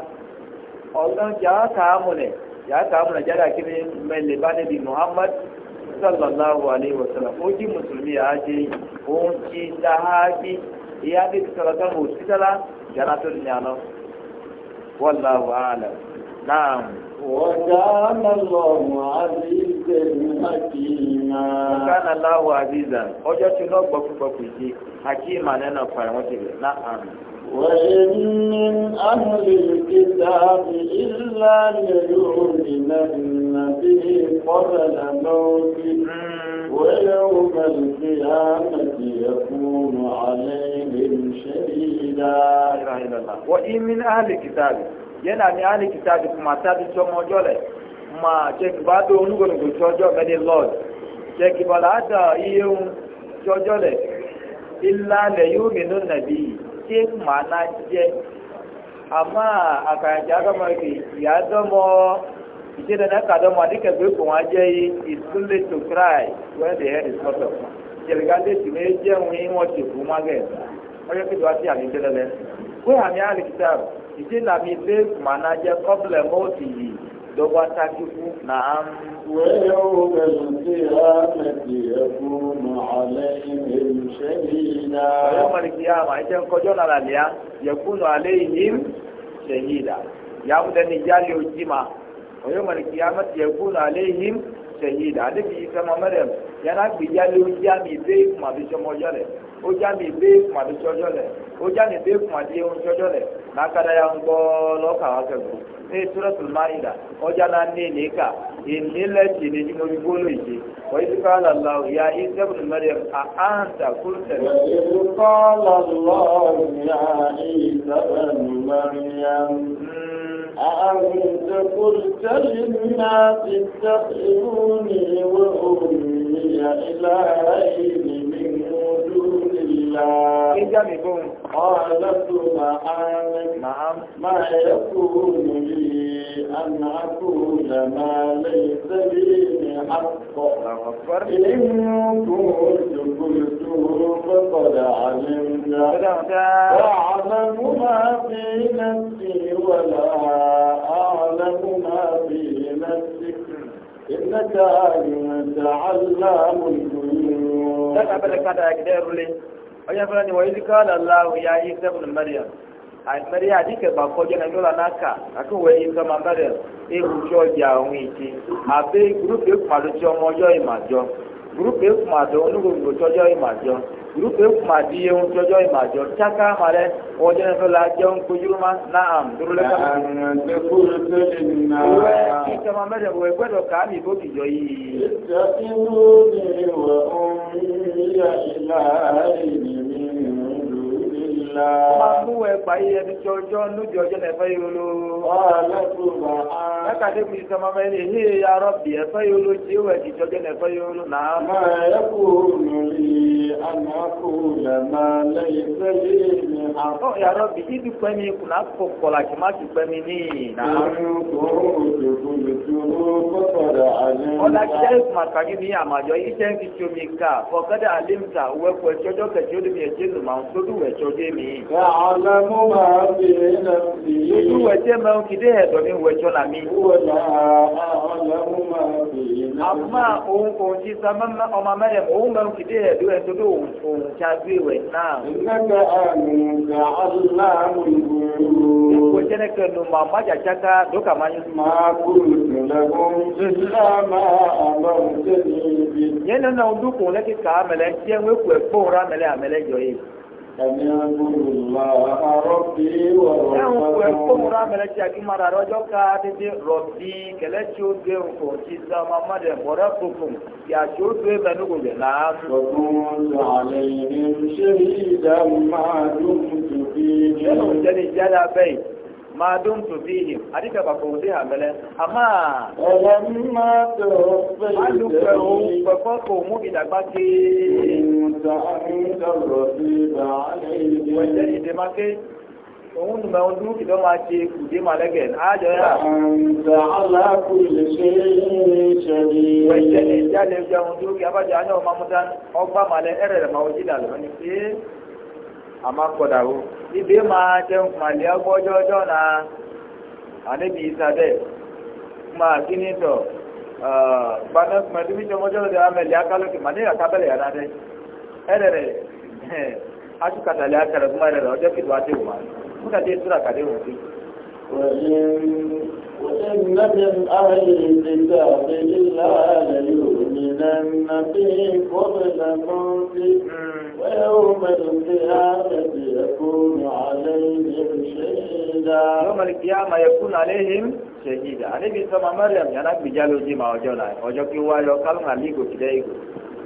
ọ̀gbọ́n yàrá kàámùlẹ̀ yàrá kàámùlẹ̀ jáde àkíní mẹ́lẹ̀ bá muhammad sallallahu alayhi wa sallam ó jí mùsùlùmí òun ti ìyá yàrá tó ní àná wọ́n lọ́wọ́ náà. وكان الله عزيزا حكيما وكان الله عزيزا ọjọ́ tí náà gbọ́kúgbọ́kú sí hakima nínú ọ̀pàá wọn ti rẹ̀ náà وإن من أهل الكتاب إلا ليؤمنن به قبل موته ويوم القيامة يكون عليهم شهيدا. وإن من أهل الكتاب yẹna mi ali kita di kuma ta di tso mɔdzɔ lɛ ma tseki ba do nugonugo tsɔdzɔ bɛ di lɔd tseki ba la ata iye ŋu tsɔdzɔ lɛ ila lɛ yiwo nabi tse ma na dze ama akadze agama ke ya dɔmɔ ìdí ɛdɛ n'aka dɔmɔ adi kɛgbɛ ko wa dze yi it's too late to cry when the head is cut off jeliga de ti ne dze ŋu yi ŋɔ tse fu ma gɛ ɔyɛ kí do ati ami tɛ lɛ lɛ wíwà ali kita jina mibe manaje kabla mauti dogo atakifu naam ويوم القيامة يكون عليهم شهيدا ويوم القيامة إذن كجونا لليا يكون عليهم شهيدا يا مدني جالي وجيما ويوم القيامة يكون عليهم شهيدا هذا في سما مريم يا نبي جالي وجيما بيك ما بيشمو جالي ó já mi bẹ́ kùmàdé tsọ́jọ́ lẹ̀ ó já mi bẹ́ kùmàdé ń tsọ́jọ́ lẹ̀ n'akada ya ŋgbɔ lɔka wa fɛ ko ne tura tuluma yi la ɔdza na ne ne ka ene lɛ tene ni mo bi bolo yi wa ibi ka la la ya i sɛbi ni mɛri a an ta kuru tɛ. ibi ka la ya i sɛbi ni mɛri ya. أأنت قلت للناس اتخذوني وأمي إلهين جانبهم قال لست ما أعلم نعم ما يكون لي أن أقول ما ليس لي حق إن كنت قلته فقد علمت وأعلم ما في نفسي ولا أعلم ما في نفسك إنك أنت علام الغيوب. onye fana ni wọ́n yíká lọ́láwù ya yí sẹ́fún mẹ́rìàm mẹ́rìà àdìkẹ́ bá kọjá náà lọ́la n'aka àti wọ́n yí sọ́mà mẹ́rìàm ewu tí ọjà òun ìtì àbẹ́ gúrúùpù èkùmàdó tí ọmọ ọjọ́ ìmàjọ gúrúùpù èkùmàdó onígbòǹgbò tí ọjọ́ ìmàjọ gurupu madi ye ŋutɔ jɔ imadzɔ tsaka ma lɛ wɔn dze nɛfɛ la dze ŋu kodzoro ma na am duro lɛ kama. wɛ kí kama mɛ dɛ wɛ gbɛdɔ ká mi bó ti jɔ yìí. ìṣèkínú mi wà ó ń yà ìlà ìlú ìṣá. Máa mú ẹgbà yìí ẹni tí ọjọ́ lójú ọjọ́ náà ẹ̀fẹ́ yìí ló. Lákàtí kùsì sọmọ mẹ́rin ní ilé ya rọ́bì ẹ̀fẹ́ yìí ló jí ìwẹ̀ ìjọ ọjọ́ náà ẹ̀fẹ́ yìí ló nà á. Máa yẹ kó nù lè ànákó lẹ̀ máa lẹ́yìn fẹ́lẹ́ mi. Àkọ́ ya rọ́bì ìdí pẹ́mi kùnà kò kọ̀là kì má ti pẹ́mi ní ìná. Ọ̀là jẹ́ màkàgí ní àmàjọ yìí jẹ́ fi ti omi ká fọ̀kẹ́dà àlímta òwẹ́pọ̀ ẹ̀ṣọ́jọ́ kẹ̀ṣẹ́ olómi ẹ̀ṣẹ́ lòmà ń sódù ẹ̀ṣọ́jọ́ èmi. Yàlámú máa fi nàfì. Ojú wẹ̀jẹ̀ mẹ́rin kìdé ẹ̀dọ̀ ní wẹ̀jọ́ là mí. Yàlámú máa fi nàfì. Àmọ́ òun kò ti sa ọmọ mẹ́rin òun mẹ́rin kìdé ẹ̀dọ̀ ẹ̀dọ̀ tó òun ti agbé wẹ̀ náà. Ìgbẹ́kẹ̀ àmì ìgbà aláàmú ìgbòho. Ìgbò jẹ́nẹ́ kẹnu Ẹni ọdún ìlà àrọ́bí wọ̀rọ̀. Ẹ̀hùn kò ẹ̀ kó múra mẹ́lẹ́tì àkímọ́ra rọ́jọ́ ká dédé rọ̀bí kẹlẹ́tì ó dé nǹkan tí sáma mọ́dẹ̀ mọ́rẹ́ kòkòm yàtí ó dé mẹ́nu kò lè là á. Ọdún àlẹ́ ìrìn ṣé ìdá máa dùn tòbí. Ẹ̀hùn jẹ́ni jáde abẹ́yìí. ما دمت فيهم أديك a بلا أما ولما توفيت ففقوا مبين أكباكي أنت أنت الرقيب عليهم وجدت مكي òun ni mẹ́wọ́n dúró kìdọ́ máa ṣe kùdé máa lẹ́gẹ̀ ájọ yá. àǹtà aláàkú lè ma amma kodawo ibe ma te maliya gbojo ojo na anibi isabe ma kini to gbana madumi to mojo de ameli akalo ki mani akabele yana de erere atukatale akara kuma erere ojo kidwa te wa muka te tura kade wo وإن من أهل الكتاب إلا ليؤمنن به قبل موته ويوم القيامة يكون عليهم شهيدا يوم القيامة يكون عليهم شهيدا عليه بسم مريم يا رب جالو جيما وجونا وجوكي وايو كلمة ليكو كده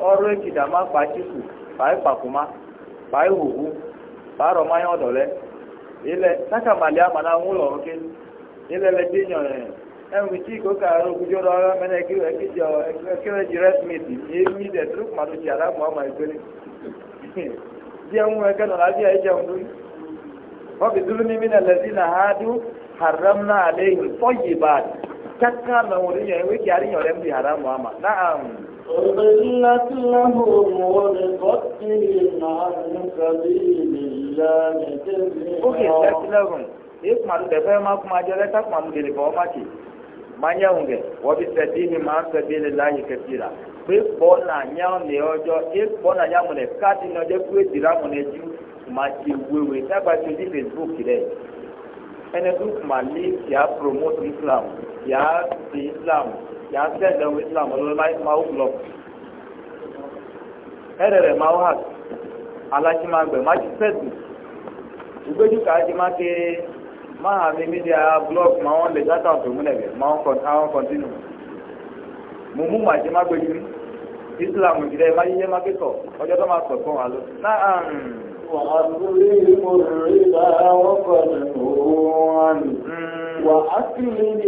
ọrụ echida ma kpa chiku kpa ịkpakụma kpa iwuwu kpa arọ mmanya ọdọle ile taka mali oke ilele dị nyọ enwe chi ka arụ ọrụ mere ekere ji resmiti emi de truk mmadụ ji ara ma ma ekwere di enwe eke nọ bịa mbụ ọ bidoro na lezi na ha dụ haram na adịghị tọyi chaka na nwere ka haram ama na وذلت لهم ولقتهم عن سبيل الله كثيرا أخذت لهم اسمع الدفاع ما كما جلتك ما مدري بوماتي ma nyɛwò gɛ wɔbi sɛbi ni ma sɛbi le la yi kɛse la pé bɔna nyɛwò ne ɔdzɔ e bɔna nyɛwò ne káàdì ne ɔdzɔ kúrè dira mo ne dzi ma ti wewe n'agba tso di facebook rɛ ɛnɛ du ma li tia promote islam tia ti islam yà á sẹ́ ẹ̀dẹ̀wò islam ọlọ́lọ́ máa ń lọ. ẹ̀rẹ̀ rẹ̀ máa ń hà aláṣí máa ń gbẹ̀ máa ti sẹ́ẹ̀dù ìgbéjú kàá ti máa ké máa hàmí mídíà blog máa ń lè dátà òfìmúnẹ̀gẹ̀ máa ń kọ́ntínú. mo mú màá ti máa gbé jù islam ìdílé máa yíyé máa ké sọ ọjọ́ tó máa sọ̀ fún wa lọ. náà وأكلهم الربا وقد هون وأكلهم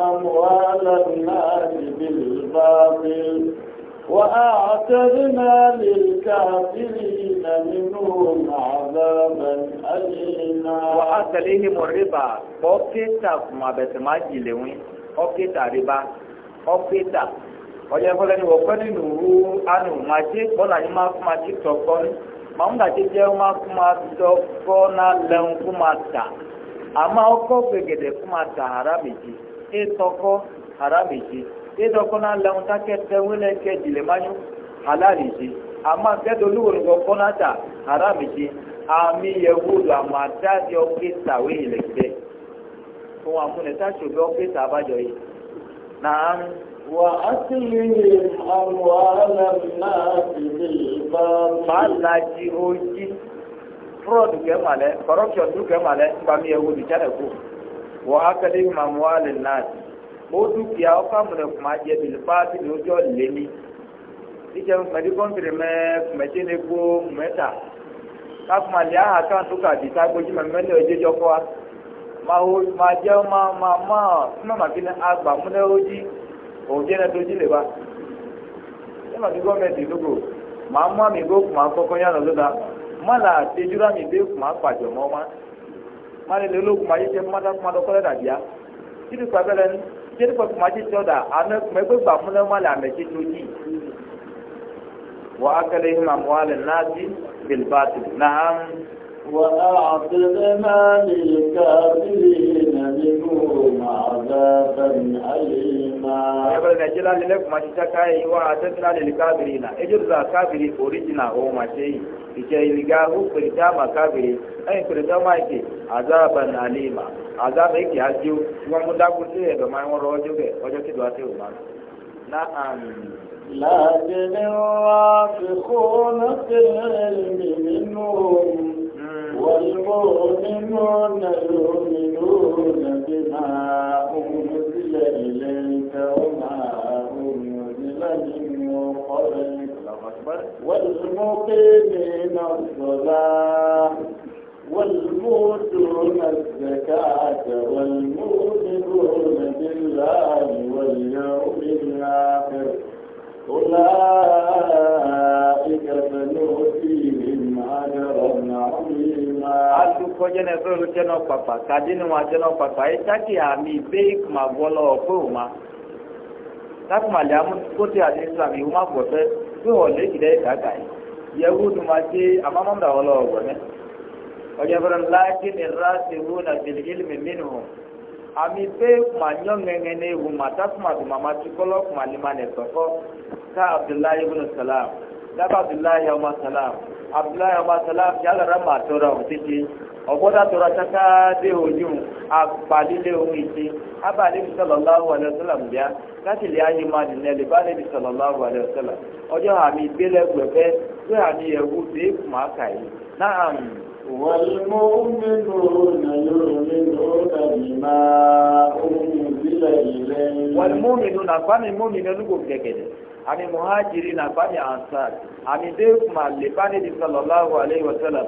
أموال الناس بالباطل وأعتدنا للكافرين منهم عذابا أليما وأكلهم الربا أوكيتا ما بتماجي لوين أوكيتا ربا أوكيتا ọjọ́ ìfọ́lẹ́ni wọ̀pẹ́ nínú àánú màá ṣe kọ́là yìí máa fún màá ṣe tọ̀kọ́ ní. màá ń gàtí jẹ́ wọ́n máa kó máa ta kọ́ náà lẹ́hún kó máa tà àmọ́ ọkọ̀ gbẹ̀gẹ̀dẹ̀ kó máa tà hàrá méjì ètòkọ́ hàrá méjì ètòkọ́ náà lẹ́hún tákẹ́ tẹ́wọ́n lẹ́kẹ́ ìdìlẹ̀ máyú hàlá méjì àmọ́ akẹ́dọ̀ olúwòrán kọ́ náà وأكلهم أموال الناس بالباطل فالاجي اوجي fraud kẹmàlẹ corruption tún kẹmàlẹ gbàmí ẹwọ olùjáde kù wọ akadé mamuale náà ó dúkìá ọkàmùnẹ kùmà jẹ bìlìpáàtì lójọ lẹni ìjẹ mẹdí kọńtìrì mẹ mẹtí ní kó mẹta káfùmàlẹ àhà káńtù kàdí tágbójú mẹmẹlẹ ọjọjọ kọ wa máa jẹ máa máa máa òun jẹ́ ẹ̀dọ́ jílẹ̀ bá ṣé màá fi gọ́ọ̀mẹ̀ntì lóko màá mú àmì gbó màá kọ́kọ́ yánà lóda má là tẹjúrà mi dé màá pàjọ mọ́ má má lè lóko màá yíṣẹ́ mọ́tà kó má ọ̀dà gbà fún má lè wọ́n akẹ́lẹ́ yìí màmú wa lẹ̀ náà najila lele kuma shi ta kai wa atatna lil kafirina ejur za kafiri original o ma yi ike iliga hu firta ma kafiri ai firta ma ke azaban alima azaba yake hajiyo kuma mun da gurje da mai wani rojo ke ojo ki duwa sai umar na amin لكن الراسخون في العلم منهم والمؤمنون يؤمنون بما أنزل والمقيمين الصلاة والمؤتون الزكاة والمؤمنون بالله واليوم الآخر أولئك سنؤتيهم أجرا عظيما. Àtúkọ́ jẹ́ náà fẹ́ràn jẹ́ náà pàpà, kàdé ni wọ́n jẹ́ náà pàpà, ẹ jákè àmì bẹ́ẹ̀kì màgbọ́ lọ́wọ́ fóun ma. Láti màlẹ́ àmúkóté àdé Islam, ìwọ́n máa pé ọ̀lẹ kìlẹ̀ kàkà yìí yẹwu ni ma ṣe àmàmọ́dà ọlọ́ọ̀gbọ̀n ní ọjọ́ fẹ́rẹ́ láti ní ráṣì wú na bìlìgìlì mi mínú hù àmì pé mà nyọ́ ngẹ́ngẹ́ ní ewu mà tásùmà tó màmá tí kọ́lọ́ kùmà ní ma nẹ̀ sọ́kọ́ ká abdullahi ibn salam dábàá abdullahi ọmọ salam abdullahi ọmọ salam yàrá rẹ̀ mà tó títí. ọ̀gbọ́dá tọrọ ṣáká dé ojú abalílé ohun ìṣe abàlẹ́bí sọlọ́láhùn alẹ́sọ́là mùbíà láti lè ayé máa dìnnà lè bá lẹ́bí alẹ́sọ́là ọjọ́ àmì ìgbélẹ́gbẹ̀fẹ́ pé àmì ẹ̀wù dé kùmà kàyé náà. والمؤمنون يؤمنون بما أنزل إليك والمؤمنون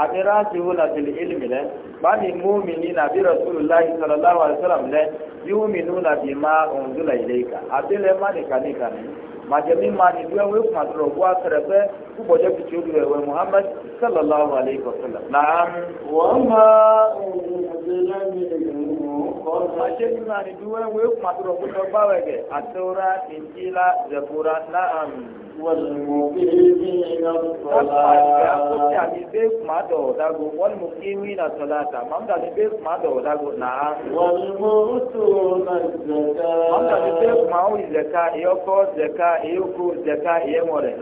àti ráṣíwò láti lè ilmi lẹ báni múmini nàbí rasulullahi sallallahu alayhi wa sallam lẹ yíwú mi nàbí má ilé ìka má ni màjẹmí má ní bí wẹ́wẹ́ kùmà tó rọ̀gbọ́ àtẹrẹfẹ́ kúbọ̀jẹ́ kùtì olú ẹ̀wẹ̀ muhammed sallallahu alayhi wa sallam. naam. wọ́n máa òǹdúlà mi lè mú kọ́ màjẹmí má ní bí wẹ́wẹ́ kùmà tó rọ̀gbọ́ àtẹrẹfẹ́ ìjìlá náà. والمقيمين الصلاة والمؤتون الزكاة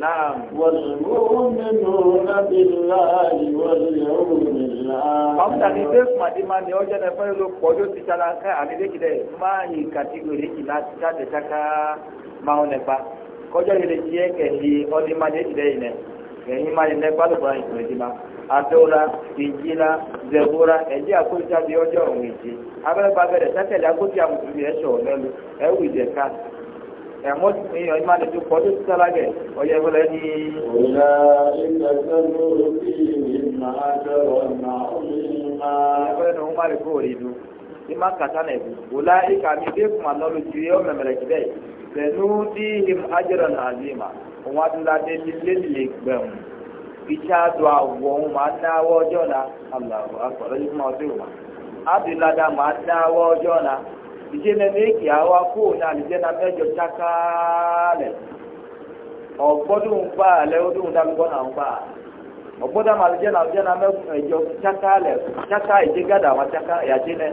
نعم والمؤمنون بالله واليوم الآخر أمدا نبيك ما دي ما نيوجه نفعل لو قدو تشالاكا عليك ده ما هي كاتيجوري كلا تشالاكا ما هو نفعل kɔjɔ yi le tsie kɛhi ɔdi ma de ti ɖe yinɛ kɛhi ma yi lɛ kpalo kura yi kure di ma aɖewo la kedzi la zevo la ɛdi akoti abi ɔdzɔ ɔwui dzi abɛlɛ ba bɛrɛ sɛtɛ di akoti amutuvi ɛsɛ ɔlɛlu ɛwui ɖeka ɛmɔ ti ɔyi ma de tu kɔdu ti sala gɛ ɔyɛ ɛfɛlɛ ni. ɔyà ìgbàgbọ́ lórí ìmọ̀ àjọ ọ̀nà ọ̀nà. ɛfɛlɛ ni wọn ma de kó o de do ima kata na ɛfu wòlá ika mi bí ekuma n'ɔlu ti yɛ ɔmɛmɛlɛ ti bɛ sanudihim ajran azima wọn ti la dé lílé lè gbẹ̀mù iṣẹ́ àdó àwọ̀ ọ̀hún máa náwó ọjọ́ náà aláwọ̀ akọ̀rọ̀ yìí máa dé wọn àbí ládà máa náwó ọjọ́ náà ìṣe náà méjì àwa kó ní àlìjẹ́ náà mẹ́jọ ṣákàálẹ̀ ọ̀gbọ́dún gbà lẹ́ ọdún dàgbọ́ náà gbà ọ̀gbọ́dún àmà àlìjẹ́ náà àlìjẹ́ náà mẹ́jọ ṣákàálẹ̀ ṣáká ìṣe gàdà àwọn ṣáká ìyàjẹ́ náà.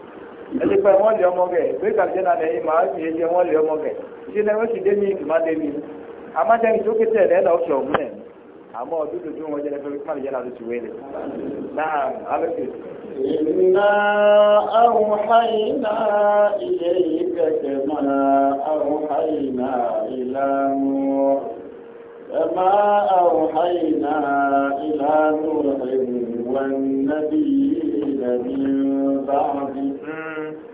ẹlẹpẹ wọn lé ọmọ gẹ pé kàdé nàdẹ yìí màá fi ẹjẹ wọn lé ọmọ gẹ ṣé náà ti dé ní ìdùnnú adé amájẹni tó kété ẹ lẹ́nu ọ̀ṣọ́ ọ̀hún ẹ̀ àmọ́ dúdú dúró wọn jẹ́ ẹgbẹ́ kí màlúù ti wé lẹ̀ náà alẹ́kẹ́. Inna awuhayina iye yi kẹ̀kẹ́ máa awuhayina ìlànà. كما أوحينا إلى نوح والنبيين من بعده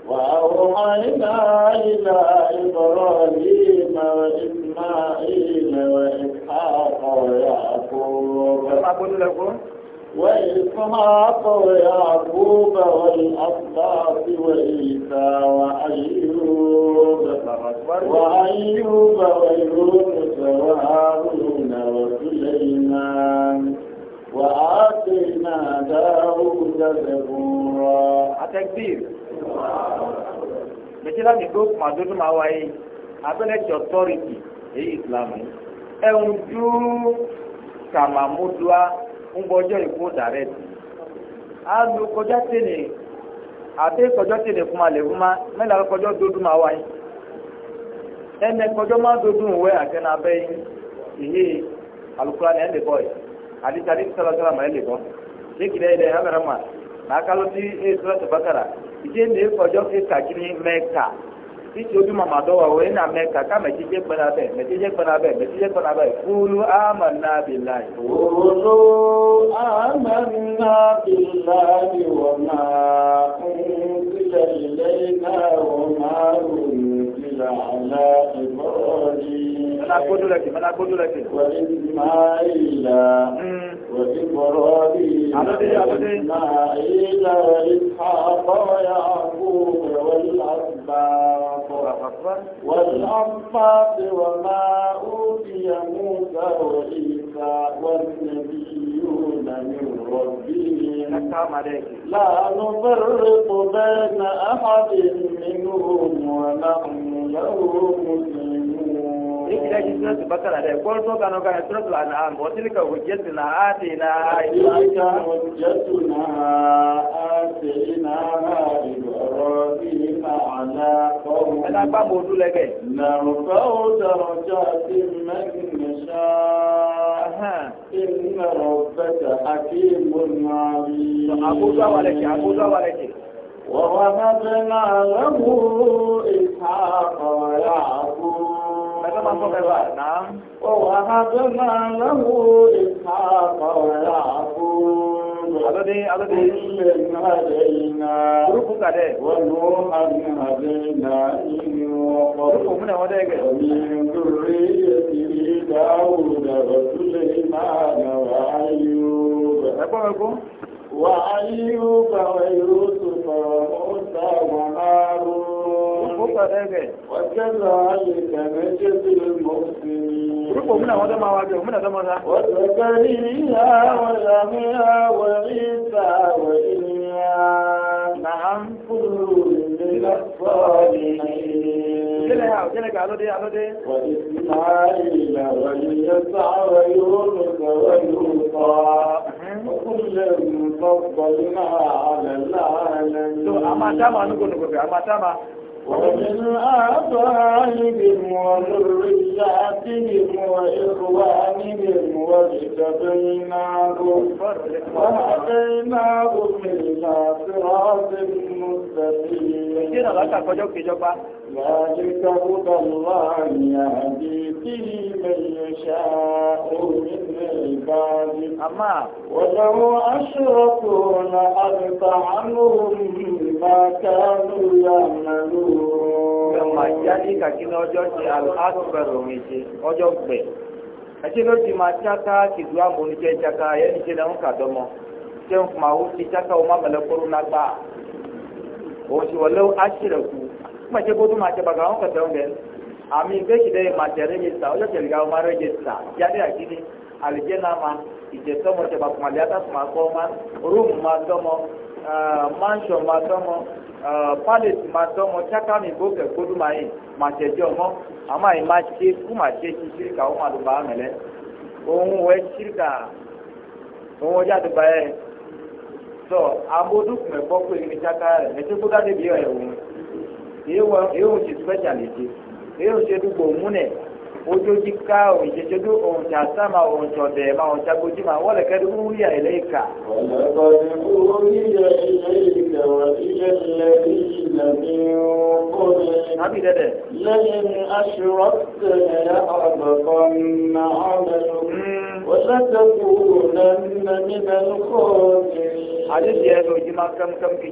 وأوحينا إلى إبراهيم وإسماعيل وإسحاق ويعقوب وإسحاق ويعقوب والأسباط وعيسى وأيوب وأيوب ويونس وهارون وسليمان وآتينا داود زبورا التكبير mẹtẹlá ní gbó màdúdú máa wáyé abẹ́lẹ́tì ọ̀tọ́rìtì èyí ìsìlámù ẹ̀hún dúró kàmámúdúá ń bọ ọjọ́ ìfún direct a lu kọjá tẹ̀lé àti kọjá tẹ̀lé fún alẹ́ fún ma mẹ́lẹ̀ akọjọ́ dodun ma wáyé ẹnẹ kọjọ́ má dodun wẹ́ àkẹ́nà abẹ́ yìí ìhé alukura ni ẹ lè bọ̀ yìí àdìsí àdìsí sọlá sọlá ma ẹ lè bọ̀ kékeré ẹ̀dẹ̀ hàmẹ́rẹ́ ma nàkàlọ́ sí ẹ̀ eh, sọlá sọlá kàrà ìdí ẹ̀ lè kọjọ́ kékà kiri mẹ́ka. títí ojú màmá dọ́wọ́ àwọn ẹ̀yìn náà mẹ́ka ká mẹ́tíjẹ́ pẹ́ náà mẹ́tíjẹ́ pẹ́ náà mẹ́tíjẹ́ pẹ́ náà bẹ̀ fúlú àmàna bìláì. fúlú àmàna bìláì wọ̀ máa ń sílẹ̀ ilé náà wọ̀ máa rò ní. على إبراهيم وإسماعيل وإبراهيم وإسماعيل وإسحاق ويعقوب والأسباط والأسباط وما أوتي موسى وعيسى والنبيون من لا نفرق بين أحد منهم ونحن له مسلمون yake da cikin su bakara da ko to kana kana suratul an'am wa tilka hujjatuna atina ayyuka hujjatuna atina ibrahima ala qawmi ala ba modu lege na rufa'u darajatin man nasha inna rabbaka hakimun alim abudu walaki abudu walaki ووهبنا له إسحاق ويعقوب ووهبنا له إسحاق ويعقوب Alọ́dé alọ́dé ilẹ̀ àdẹ́yìnà. Orúkú kàdẹ́. Wọ́n ló àmì àdẹ́yìnà inú ọkọ̀. Orúkú múnẹ̀ wọ́n dẹ́gẹ̀. Omi nítorí ètìrí dáúdà rọ̀túlé máa nà wà áyú. Ẹgbọ́n ẹgbọ́n. Wà áyú bàwẹ̀ yóò tó fọ̀rọ̀ ó sáwọn márùn-ún sọ̀rẹ́gẹ̀. Wọ́n tẹ́lọ àyíká méjì sí mọ́ sí ni. Orúkọ múnà wọ́n tẹ́ máa wájú, múnà tẹ́ máa sá. Wọ́n tẹ́ kẹ́rì ìyá wọ́n lámí àwọ̀ ìta àwọ̀ ìyá. Nàá ń kúrò ní lọ́sọ̀rì. Kílẹ̀ ha, kílẹ̀ ká lóde, lóde. Wọ́n ti fi máa ìlà wọ́n yẹ sáwọ̀ yóò lọ́sọ̀ wọ́n yóò sọ. Ọkùnrin mú tọ́kọ̀ ní máa rẹ̀ láàrin. Tó a máa dá máa nígbò nígbò وبالآبائهم وذرياتهم وإخوانهم واجتبيناهم وهديناهم إلى صراط مستقيم ذلك هدى الله يهدي به من يشاء من عباده أما ولو أشركوا لأبطى عنهم ما كانوا يعملون Ìjọba ìjáde kàkí ní ọjọ́ ti àlùkàtúbẹ̀rù mi Ẹjẹ́ ló ti máa lẹ́hún Ṣé kóró lágbà? kuma ce ko tu ma ce ba ga on ka tawo den ami be ki de ma tere ni sa o ma re je sa ya de akini alijena ma ije tomo te ba kuma liata kuma ko ma room ma tomo eh, mansion ma tomo eh, palace ma tomo chaka mi bo ke ko tu ma yi ma ce jo mo ama i ma shirka o ma do ba mele ohun we shirka ohun ja do ba e so abodu kuma bo ko ni chaka re ne te ko da de bi o e èyí ṣe spẹ́ṣàlìtì èyí ṣe dúgbò múnẹ̀ ojoji ká òṣèṣedú ohun tí a sá ma ohun tí ọ̀dẹ̀ ma ohun tí agbójú ma wọ́n lè kẹ́dùn kúrú yà ilé ìka. ọ̀nàkọ̀dé kúrò nílẹ̀ ilé ìka wà sílẹ̀ lẹ́yìn ìlànà ìrọ̀kọ́lẹ̀. ábí dẹ́dẹ̀. lẹ́yìn aṣọ tẹ̀lé ọ̀bọ̀kọ̀ nà ọ̀bẹ̀lú. wọ́sàtẹ̀kùrọ̀lẹ́nà níbẹ̀lú kọ́ọ̀kiri. àdéhùn ẹ̀rọ ìjìmá kẹ́mkẹ́m kìí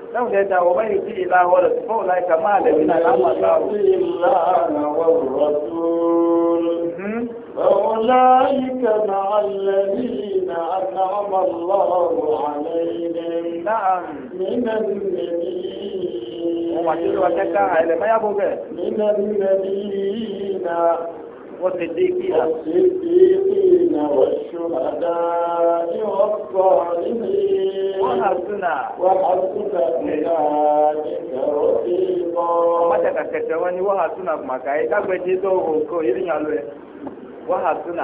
لو جاءت ومن يطيع الله ورسوله فاولئك مع الذين انعم الله والرسول فاولئك مع الذين انعم الله عليهم نعم من النبيين وما تلوى تكا على ما يبغى من النبيين والصديقين والصديقين والشهداء والصالحين وحسن وحسن أولئك رفيقا ومتى تكتواني وحسن مكاي تقبل دوغوكو يرينيالو وحسن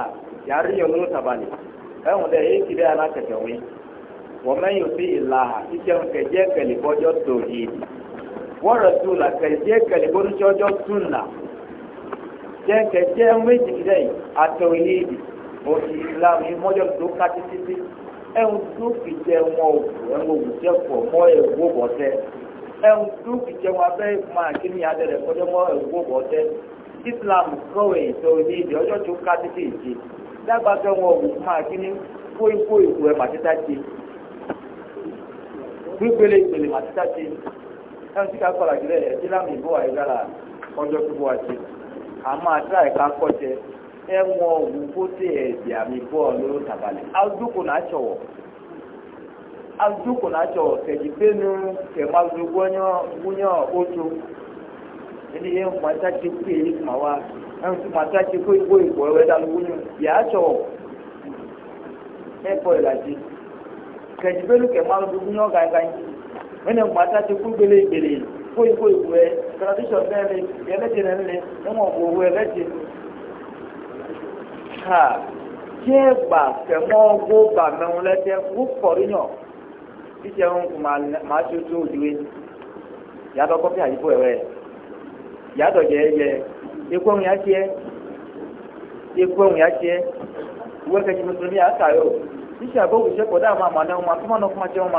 يرينيالو تبالي ẹ̀hùn dẹ̀ èyí kìlẹ̀ alákẹ̀kẹ̀wé wọ́n mẹ́yìn sí ìlàhà iṣẹ́ nkẹ̀jẹ́ kẹ̀lẹ́bọ́jọ́ tòhìí wọ́n rẹ̀ tù là kẹ̀jẹ́ kẹ̀lẹ́bọ́jọ́ tùnà. jẹ́ǹkẹ́ jẹ́ méjì lẹ́yìn àtọ̀ ìlédì òsì ìlànà ìmọ̀jọ́ tó kájí títí ẹ̀hún tó fi jẹ́ wọn òkú ẹ̀hún òkú jẹ́ pọ̀ mọ́ ẹ̀wọ́ bọ̀tẹ́ ẹ̀hún tó fi jẹ́ wọn abẹ́ máa kí ni kọjọ́ mọ́ ẹ̀wọ́ islam ìtọ̀ ọjọ́ tó kájí títí wọn òkú máa kí ni ẹ̀ màtítà ti gbígbélé màtítà ti tí ká àmọ́ àdúrà ẹ̀ka kọ́jẹ ẹ̀wọ̀n ògùn kó tẹ̀ ẹ̀dì àmì bọ́ọ̀lù tàbálẹ̀ àdúkò náà tsọ̀wọ̀ àdúkò náà tsọ̀wọ̀ kẹ̀dì bẹ́nu kẹ̀mọ́dún gbóyàn oṣù ẹni yẹn mọ atsatsi kó yẹ wa ẹni tó mọ ìbò ìbò yà á ẹ̀kọ́ la gbóyàn ẹni mọ ìbò ìbò tradition bẹ́ẹ̀ ni ẹlẹ́jẹ̀ rẹ̀ ń lé ẹ̀wọ̀n òwò ẹlẹ́jẹ̀ ha tí ẹ gbà tẹ̀mọ́ gbó bà mẹ́rin lẹ́jẹ̀ wó kọ̀ríyàn títí ẹ̀rùn kù máa ṣe tó òdiwé yàtọ̀ kọ́fí àyíkó yàtọ̀ jẹ́ ikú yá ikú yá kẹ́kẹ́ dáhùn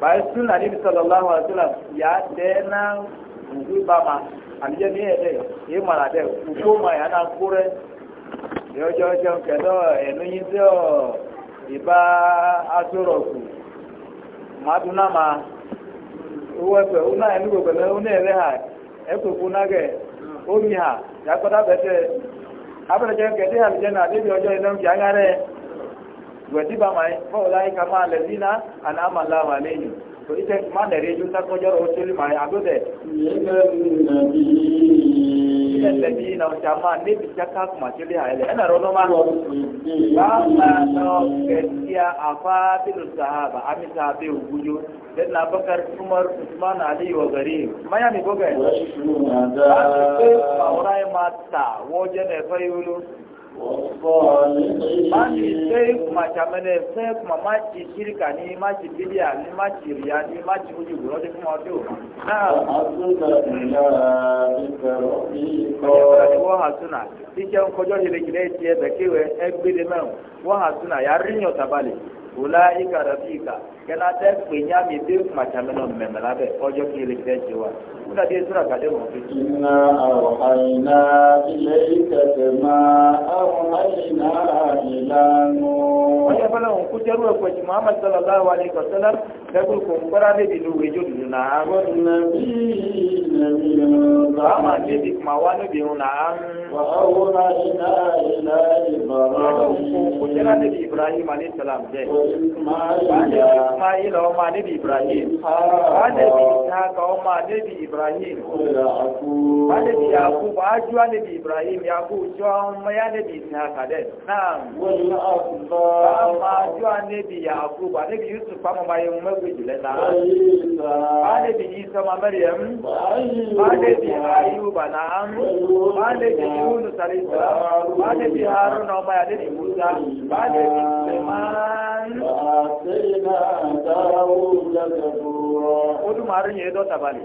báyìí sún náà níbi sọlọ lọ́wọ́ àdúrà yà á dẹ́ náà ma ní ẹ̀dẹ́ yìí mà nà yà náà jọ yín ìbá kù ma owó na owó náà gbogbo náà hà náà gẹ̀ hà abẹ́rẹ́ jẹ́ àbíjẹ́ náà débi ọjọ́ ìlẹ́nu wẹ̀tí bá máa fọ́wọ́ láyé ká máa lẹ̀ sí náà àná máa láwà lẹ́yìn tó ìtẹ́ máa nẹ̀rẹ́ ojú sákọ́jọ́ ọ̀hún tó lè máa àdóbẹ̀. ilẹ̀ bí iná ọ̀sẹ̀ àmà níbi jáká kùmà tó lè àyẹ̀lẹ̀ ẹ̀nà rọ́nọ́ máa lọ. báwa lọ kẹ̀kíà àfa bílù sàhábà àmì sàhábà ògúnjó lẹ́nu abọ́kar kumar usman ali wọ̀gẹ̀rì mayà mi bọ́gẹ̀. wọ́n ṣe Maji sai kuma camene sai kuma maji shirka ni maji bidiya ni maji riya ni maji uji guro da kuma wato. Na hasuna ila bika rafiqa. Wa hasuna dike on kojo hile kile tie da kiwe egbede men. Wa hasuna ya rinyo tabali. Ulaika rafiqa. Kana ta penya mi bi kuma camene memela be kojo hile kile tie sura dai sura ka dai mu inna awhayna ilayka kama awhayna ila nuh wala bala on ku jaru ko ci muhammad sallallahu alaihi wasallam da ku ko bara ne bi luwe jodu na wa nabi nabi ma ne bi ma wa ne bi na ibrahim annabi yaqub aju annabi ibrahim yaqub jo amma ya annabi ishaq da na'am wal akba amma aju annabi yaqub annabi yusuf amma ma yin mabu jule na annabi isa ma maryam annabi ayub na'am annabi yunus alayhi salam annabi harun amma ya annabi musa annabi sulaiman wa atayna daud zabura odu marun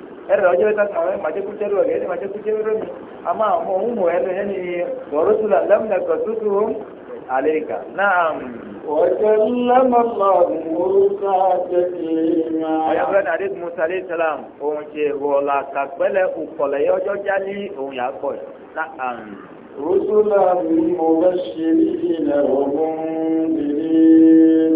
ẹrẹ ọjọ bẹta sàn ẹ màjẹkùtẹrù ọgẹ ẹni màjẹkùtẹrù rẹmi àmọ àwọn ohun mọ ẹnu ẹni wọrọsùlà lẹmúnà kọtùkù àlẹkà náà. وكلم الله موسى تكليما ọ̀yàwó ẹ̀dá adé musa alẹ́ sàlám òun ṣe rọ̀ọ̀lá kàpẹ́lẹ̀ òkọ̀lẹ̀ ọjọ́ jálí òun yà pọ̀ náà. رسلا مبشرين ومنذرين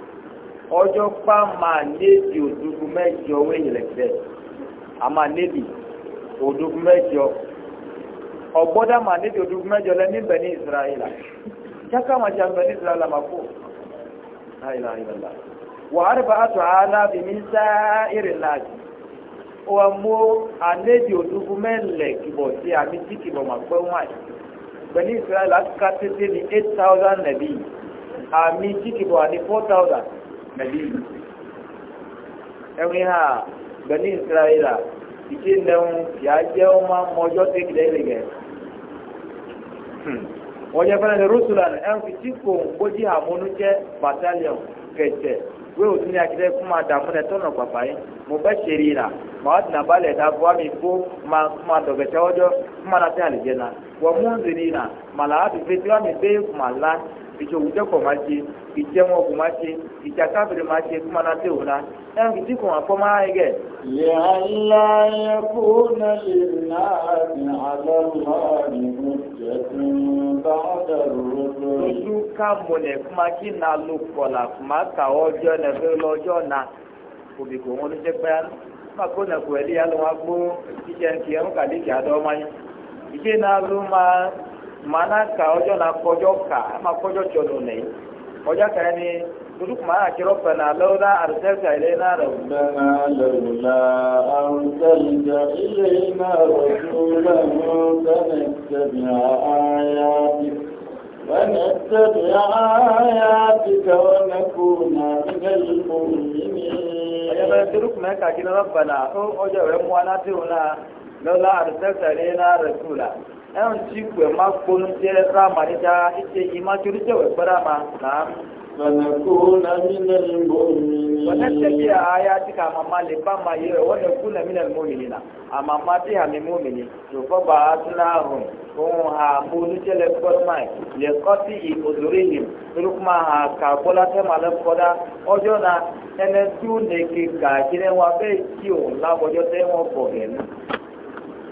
ọjọ́ pa máa nébi òdodo mẹ́jọ wẹ́yìnlẹ̀ tẹ̀ a máa nébi òdodo mẹ́jọ ọgbọ́dá máa nébi òdodo mẹ́jọ lẹ níbẹ̀ ní israẹla jákà máa jà bẹ̀ ní israẹla máa kó láìla ìlàlá wà á rìbá àtọ̀ aláàbì mi sá ìrìn láàjì wà mú anébi òdodo mẹ́lẹ̀ kìbọ̀ sí àmì tí kìbọ̀ máa pẹ́ wáyé bẹ̀ ní israẹla ká tètè ní eight thousand nàbí àmì tí kìbọ̀ àní four thousand nabi ẹwìn ha bẹni israẹla ìdí nẹun yà jẹ ọmọ mọjọ tẹkì lẹyìn gẹ hmm. wọn jẹ fẹlẹ ní rusulan ẹn fi tí kò ń gbójì àmúnú jẹ batalion kẹtẹ wíwò tún ní akidẹ fún ma dààmú nẹ tọnà pàpà yìí mo bẹ ṣeré la màá tún abalẹ ta bọ àmì kó ma ma dọgẹtẹ ọjọ fún ma nàtẹ àlìjẹ na wọn mú nzìrì la màlá àti fẹsẹ ìjọ òwúdẹ́ kọ̀ máa ṣe ìjẹ́ wọn kò máa ṣe ìjà káfíìrì ma ṣe kúmọ̀ náà tẹ̀wò náà ẹ̀ ń fi kò wọn fọ́ kó na lè náà ní àlọ́lá ní oúnjẹ bá dàrú lọ. ojú ká mọ̀lẹ̀ kí na ló kọ̀là kuma kà ọjọ́ náà fẹ́ lọ́jọ́ náà òbí kò wọn ló pẹ́ má kó wọn gbó kàdé kì mana ka ọjọ́ na kọjọ́ ka ama kọjọ́ tsɔ nù nẹ kọjọ́ ka yẹ ni tutu kuma yà kí rọpẹ na lọ la arusẹlẹ ilé na rẹ. bẹ́ẹ̀ni lẹ́nu la arusẹlẹ ilé na rẹ tó lẹ́nu sẹ́ni sẹ́ni àyà ti. ونتبع آياتك ونكون من المؤمنين. أيها الأخوة، ما كان ربنا أو أجر موانا لولا أرسلت إلينا رسولا ẹ̀hún tí pẹ̀ má kponu tẹ́ ráma ní dáa ma nà. Fẹ̀nẹ̀kú nàmi nàmi mbọ mi. Fẹ̀nẹ̀kú yà á yá ti ka màmá lè ma mi ti mi a ti náà rùn. ha na mú oníṣẹ́ lẹ kọ́ ma i òdòrí yìí. Torí kuma ha ka bọ́lá tẹ́ ma na ẹnẹ tú nèké gàdí rẹ̀ wọn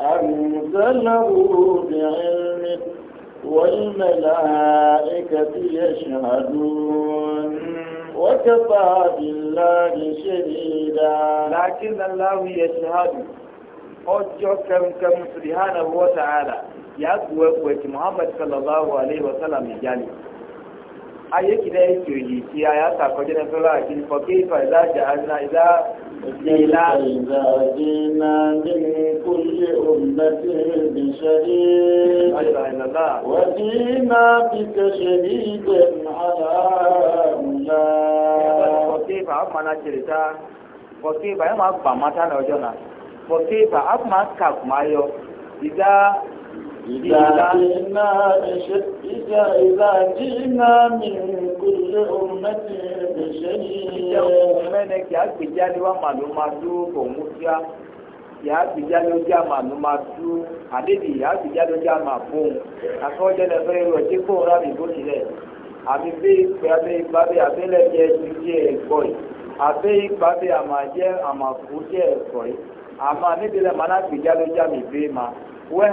أنزله بعلمه والملائكة يشهدون وكفى بالله شهيدا لكن الله يشهد ọjọ́ kẹmkẹm sùdìhánà wọ́n tààrà yà gbogbo ẹ̀kì muhammad sallallahu alaihi wasallam ìjálì ayé kìdá ètò yìí tí a yà sàkọjẹ́ nẹ́fẹ́lá àti ìfọ̀kẹ́ ìfà ìdájà àná ìdá إذا جئنا من كل أمة بشهيد وجئنا بك شهيدا على هؤلاء وكيف أما نشرتا وكيف أما أبا متى نوجنا وكيف أما كاك مايو إذا إذا جئنا إذا جئنا من كل أمة بشهيد mene kia gbedzani wa ma nu ma du ko ŋutia kia gbedzani wo dza ma nu ma du aɖeɖi kia gbedzani wo dza ma boŋ gake wo dze le be wo dzi kpo ra mi boti lɛ ami be ikpe abe ikpe abe abe le dze ti dze egbɔ yi abe ikpe abe ama dze ama fu dze egbɔ yi ama ne bi le ma na gbedzani wo dza mi ma wɛ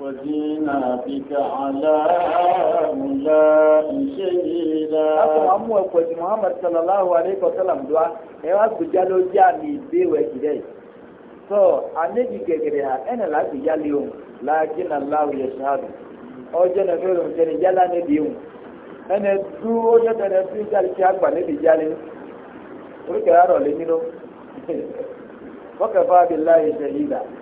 وزيناتك على هؤلاء شهيدا أقوى أمو أقوى محمد صلى الله عليه وسلم دعا ẹwà gbèjà ló jẹ́ àmì ìbéwẹ̀ jìdẹ́ So, tó àmì gẹ̀gẹ̀rẹ̀ hà ẹnì láti yálé òun láàjì náà láwù yẹ ṣáàdù ọjọ́ náà fẹ́rẹ̀ òun jẹ́ni yálà níbi òun ẹnì dúró ọjọ́ tẹ̀lé fi jáde kí àgbà níbi yálé oríkèé àrọ̀ lé nínú wọ́n kẹfà bí láyé ṣe yí dà.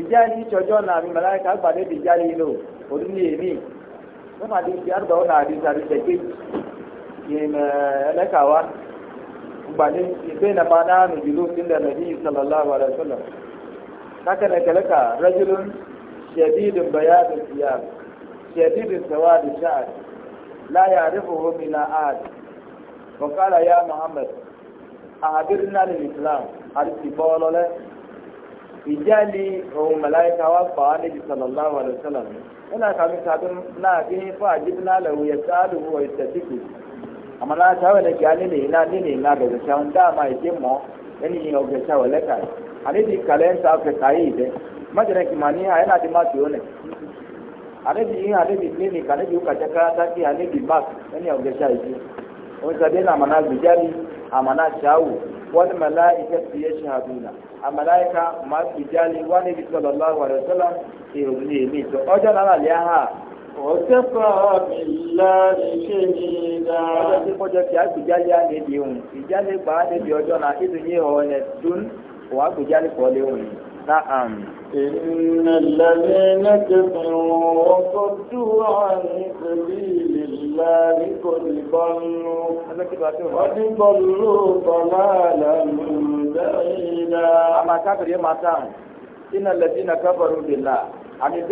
ìjáde ìtsọjọ́ náà mi mẹlẹ́ka agbadé di ìjáde yìí lò òdu ní èmi mẹ́fà di ti àdùbà wọn àdì sàdì tẹ̀ké yìnyín ẹlẹ́ka wa gbadé ìgbé nàmà náà nù jùlọ sí ndẹ̀ nàbí sàlọ́lá wà lẹ́ sọ̀lọ̀ kákẹ́nẹ̀ kẹlẹ́ka rẹ́jùlọ ṣẹ̀dí dùnbẹ̀yà dùnbẹ̀yà ṣẹ̀dí dùnbẹ̀wà dùnṣáàd láyà àdìfòwò mi nà áàd wọ́n yá muhammed àhàbírí náà ní ìsìlám àdìsí bọ́ọ̀lọ́lẹ́ ìjáde òun màláìka wa pa á níbi sàlọ́láhùn àlùsálàm nínú àkàmì sàbí náà bí fún àjíbí náà lè wuyẹ sáàlù wọ ìtẹ̀síkù àmọ́ náà sáwọ́ ní kí á nílé iná nílé iná bẹ̀rẹ̀ sáwọn dáàmà ìdí mọ́ ẹni yìí ọ̀gbẹ̀ sáwọ́ lẹ́ka àníbi kàlẹ́ ń sáfẹ́ káyé ìdẹ́ májèlé kì máa ní àyẹ́ náà ti má tó nẹ̀ àníbi yìí àníbi nílé kàníbi kàjá kárátá kí àníbi má wani mala'ika su ya shahaduna a mala'ika masu ijali wani bi sallallahu alaihi wasallam èrò ní èmi ìtọ́ ọjọ́ náà lè ha. ọ̀sẹ̀fà mi láàrin ṣe ní ìdá. ọjọ́ tí kọjọ kí agbèjáde á níbi òun ìjáde gbà á níbi ọjọ́ náà ìdùnnú ìhọ̀ ẹ̀ dún òun agbèjáde kọ́ lé òun yìí. نعم إن الذين كفروا وصدوا عن سبيل الله قد ضلوا قد ضلوا ضلالا بعيدا أما كافر يا ماتان إن الذين كفروا بالله àmì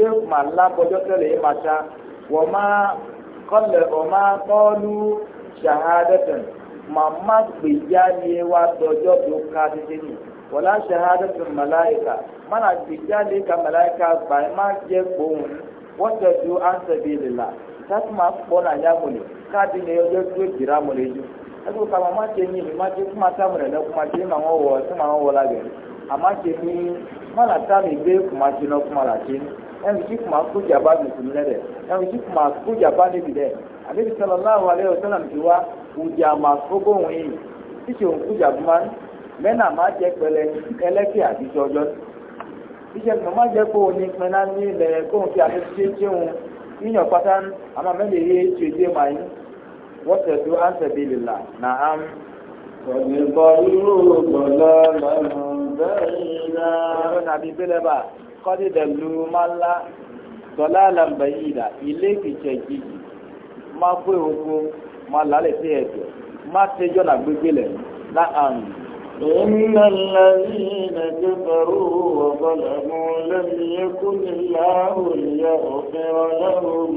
màmá wala shahadatu malaika mana bijali ka malaika bai ma je kpohun wata ju an ma kpɔ na ya mole k'adi ne yɔ yɔ jira mole ju ka ma tse nyi ma tse kuma ta mo na kuma tse ma ŋɔ wɔ ma a ma ta mi gbe kuma tse kuma la kuma ku ne kuma ku mẹ́nà má jẹ́ pẹlẹ ẹlẹ́kì àtijọ́ ọjọ́ iṣẹ́ kan má jẹ́ kó ní pinna ní ilẹ̀ kó fi àtúnṣe jẹun yíyan pátá àmọ́ mẹ́lẹ̀ yé ètò ìdí màá yín wọ́n tẹ̀sí àǹsẹ̀bí lìlà nà á ń. Kọ̀dìbọ̀ irú la. lọ́nà bẹ́ẹ̀ náà. Ọ̀rọ̀ nàbí Bílẹ̀bà kọ́dí dẹ̀lú Málá Sọlá Làmbẹ̀yìdà ilé ìkìjẹ̀ jìjì máa gbé oko máa lálẹ́ sí ẹ̀jẹ̀ máa tẹjọ́ nà gbégbé lẹ̀ إن الذين كفروا وظلموا لم يكن الله ليغفر لهم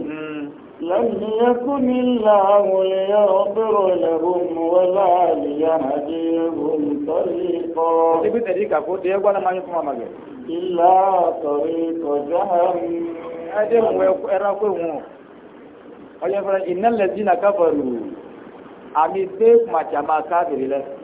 لم يكن الله ليغفر لهم ولا ليهديهم طريقا إلا طريق جهنم ọjọ́ ìfẹ́rẹ́ ìnẹ́lẹ̀ dínà káfàrù àmì dé màjàmá káàkiri lẹ́sìn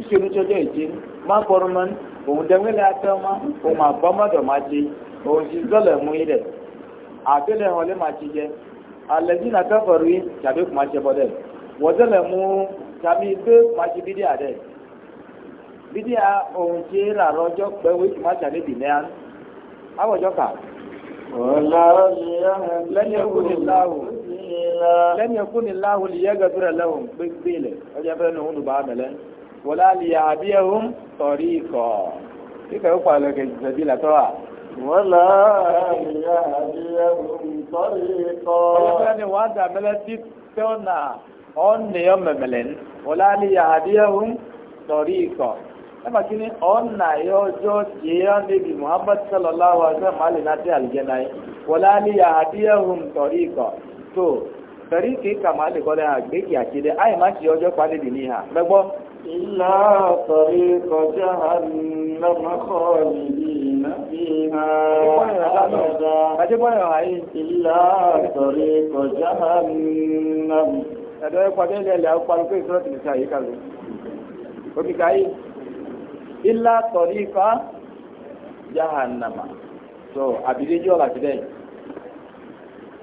ìṣòro tó dẹ̀ jẹ́ kọrọ mọ́ òun dẹ́wẹ́lẹ́ atẹ́ ọmọ òun àbọ́mọ́dọ̀ máa jẹ òun ti zọ́lẹ̀ mú ilẹ̀ àbẹ́lẹ̀ hàn lè máa ti jẹ alẹ́jì kẹfọ̀rọ̀ yìí tàbí kò máa ṣe mú tàbí gbé máa ṣe bídíà dẹ̀ bídíà òun ti ọjọ́ máa ṣàlẹ́ náà àwọ̀jọ́ kà. ni gbégbé ilẹ̀ ọjọ́ òun mẹ́lẹ́. wọlá lè àbí ẹ̀hún sọ̀rí ikọ̀ kíkà ó pàlọ́ kejì sẹ́bí làtọ́wà. wọlá lè àbí ẹ̀hún sọ̀rí ikọ̀. ọlọ́pàá ni wọ́n á dà mẹ́lẹ́ tí tẹ́ọ̀nà ọ̀nìyàn mẹ̀mẹ̀lẹ́n wọlá lè àbí ẹ̀hún sọ̀rí ikọ̀. ẹ̀fà kí ni ọ̀nà ìyọ́jọ́ jẹ́yà níbi muhammad sallallahu alaihi wa sallam láti àlùjẹ́nà yìí wọlá lè àbí ẹ̀hún sọ̀rí ikọ̀ tó tẹ̀rí kì í kà máa lè àgbékì àkìlẹ̀ àyè má ọjọ́ pa níbi níhà mẹ́gbọ́ إلا طريق جهنم خالدين فيها أبدا إلا طريق جهنم ẹ̀dọ́ ẹ̀kọ́ abẹ́lẹ̀ ilẹ̀ ọ̀pọ̀ alùpùpù ìṣòro ti ṣe àyíká lò òkìkà yìí ilá tọ̀rí ifá jahannama tó àbídéjì ọ̀là ti dẹ́yìn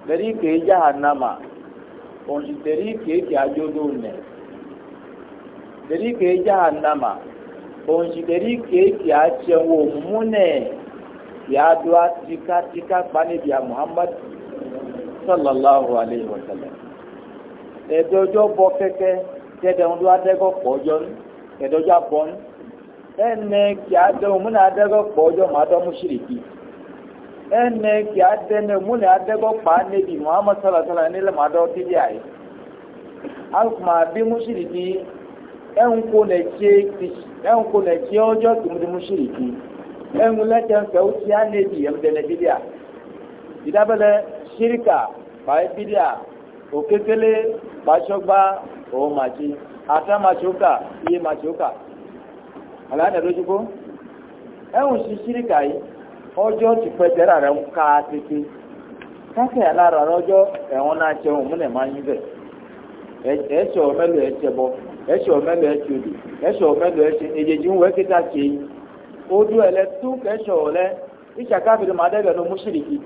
tẹ̀rí ìkéyí jahannama òǹtí tẹ̀rí ìkéyí kí ajó lóun nẹ̀ tẹ̀ríkè jahannama òun sì tẹ̀ríkè kì á tiẹ̀wò múnẹ̀ kì á do a tikatika kpanibia muhammad sallallahu alayhi wa sallam ẹ̀dọ́jọ́ bọ kẹ́kẹ́ tẹ́dẹ̀hún do adẹ́gọ́ kpọ́jọ́ nù ẹ̀dọ́jọ́ abọ́ nù ẹnẹ kì á dẹ̀hún múnẹ̀ adẹ́gọ́ kpọ́jọ́ màá dọ́ mú sírìkì ẹnẹ kì á dẹ̀hún múnẹ̀ kpa nebi muhammad sallallahu alayhi wa sallam ẹnilẹ̀ màá dọ́ dídí àyè e. alùpùpù àbí mú sírìkì. ẹnkó nẹtsie ti ẹnkó nẹtsie ọjọ tòmùtòmù sírìkì ẹnkó lẹtẹ nfẹ wọtí anẹbi ẹmdẹnẹ bidia ìdábẹlẹ sírìkà báyẹ bidia òkèkélé bàtsọgbà òun màtsi àtàmàtsioka iye màtsioka àlẹ anẹdọdzogbó ẹnkó si sírìkà yìí ọjọ ti pẹtẹ rà rẹ ń kákẹ́ yà lára ọjọ ẹ̀wọ̀n náà tsẹ̀ múnẹ̀ máa ń yin bẹ̀ ẹ̀ ẹ̀ mẹ́lò ẹ̀ bọ́. ɛtsɔ mɛlɛ ɛtsɔ du ɛtsɔ mɛlɛ ɛtsɔ edzedzi ŋu ɛkita tse wodu ɛlɛ tu kɛtsɔ lɛ itsa kafiri ma dɛgɛ no musiriki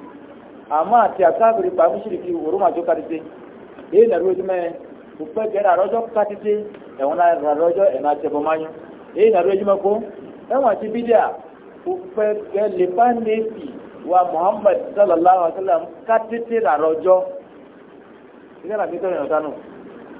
ama tia kafiri kpa musiriki woroma tso katite eye na do edumɛ kukpɛ gɛrɛ arɔdzɔ katite ɛwɔna arɔdzɔ ɛna tse bɔ manyo eye na do edumɛ ko ɛwɔn ti bi dia kukpɛ wa muhammad sallallahu wa sallam mi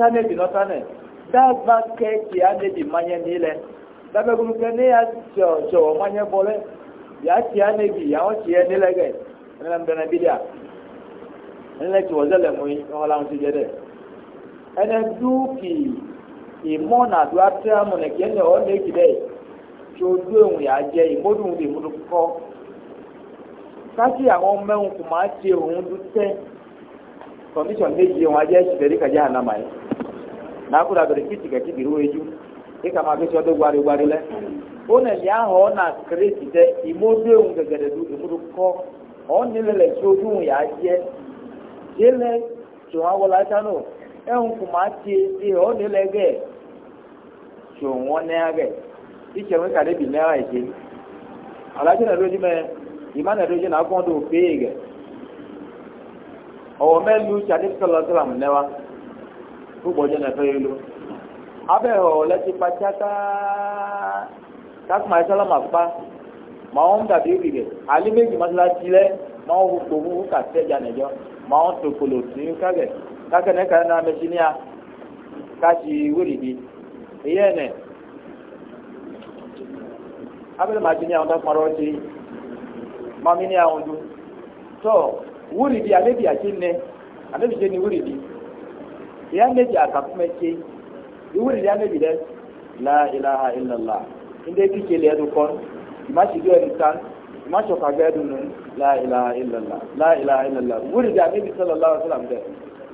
cha nebi lọta nẹ dagba kẹtì anebi manyẹ nílẹ dabẹgunukẹ ne ya tsọ tsọ manyẹ bọlẹ ya tsi anebi yawọ tsi yẹ nílẹ gẹ ẹnlẹ mbẹnẹ bi dìa ẹnlẹ tsi wọzẹ lẹ mọyi ọwọlá ŋuti dìẹ dẹ ẹnẹ dúkì ìmọ ọ ya jẹ ìmọdún ohun de mu kọ tse commission na wọn ajẹ́ ṣìbẹ̀rí kàjá ànàmà yìí nàkúrà bẹ̀rẹ̀ na tìkẹ̀tì bìrù ejú kíkà máa fi ju ọdún gbari gbari lẹ ó nà ní ahọ́ ọ́ nà kírètì tẹ ìmọ̀dé òun gẹ̀gẹ̀dẹ̀ dùn ìmúdù kọ́ ọ́ nílẹ̀ lẹ̀ tí ojú òun yà á jẹ́ délẹ̀ tòun awọlá sánú ẹ̀hún kò máa ọwọ mẹlu tsi adi sọlọ sọlọ mu nẹwa gbogbo ọjọ nẹfẹ yi lo abẹ ọ lẹtsi kpatsa kaa kakuma ayi sọlọ ma kpa ma wọn dàbí ri rẹ ali méjì ma sọlọ ti lẹ ma wọn gbogbo wọn kà sẹ dza nẹjọ ma wọn tó kolo sí kakẹ kakẹ nẹ kẹrẹ náà mẹsi níya kasi wéri bi èyí nẹ abẹlẹ ma ti níya wọn tó kpọrọ ti ma mi níya wọn du tó. So, wuridi alebi ake nne alebi je ni wuridi ya nebi aka kuma ke wuridi alebi dɛ la ilaha illallah inde ti kele ɛdu kɔn ima si do ɛdu tan ima sɔ ka gɛ ɛdu nun la ilaha illallah la ilaha illallah wuridi alebi sallallahu alaihi wa sallam dɛ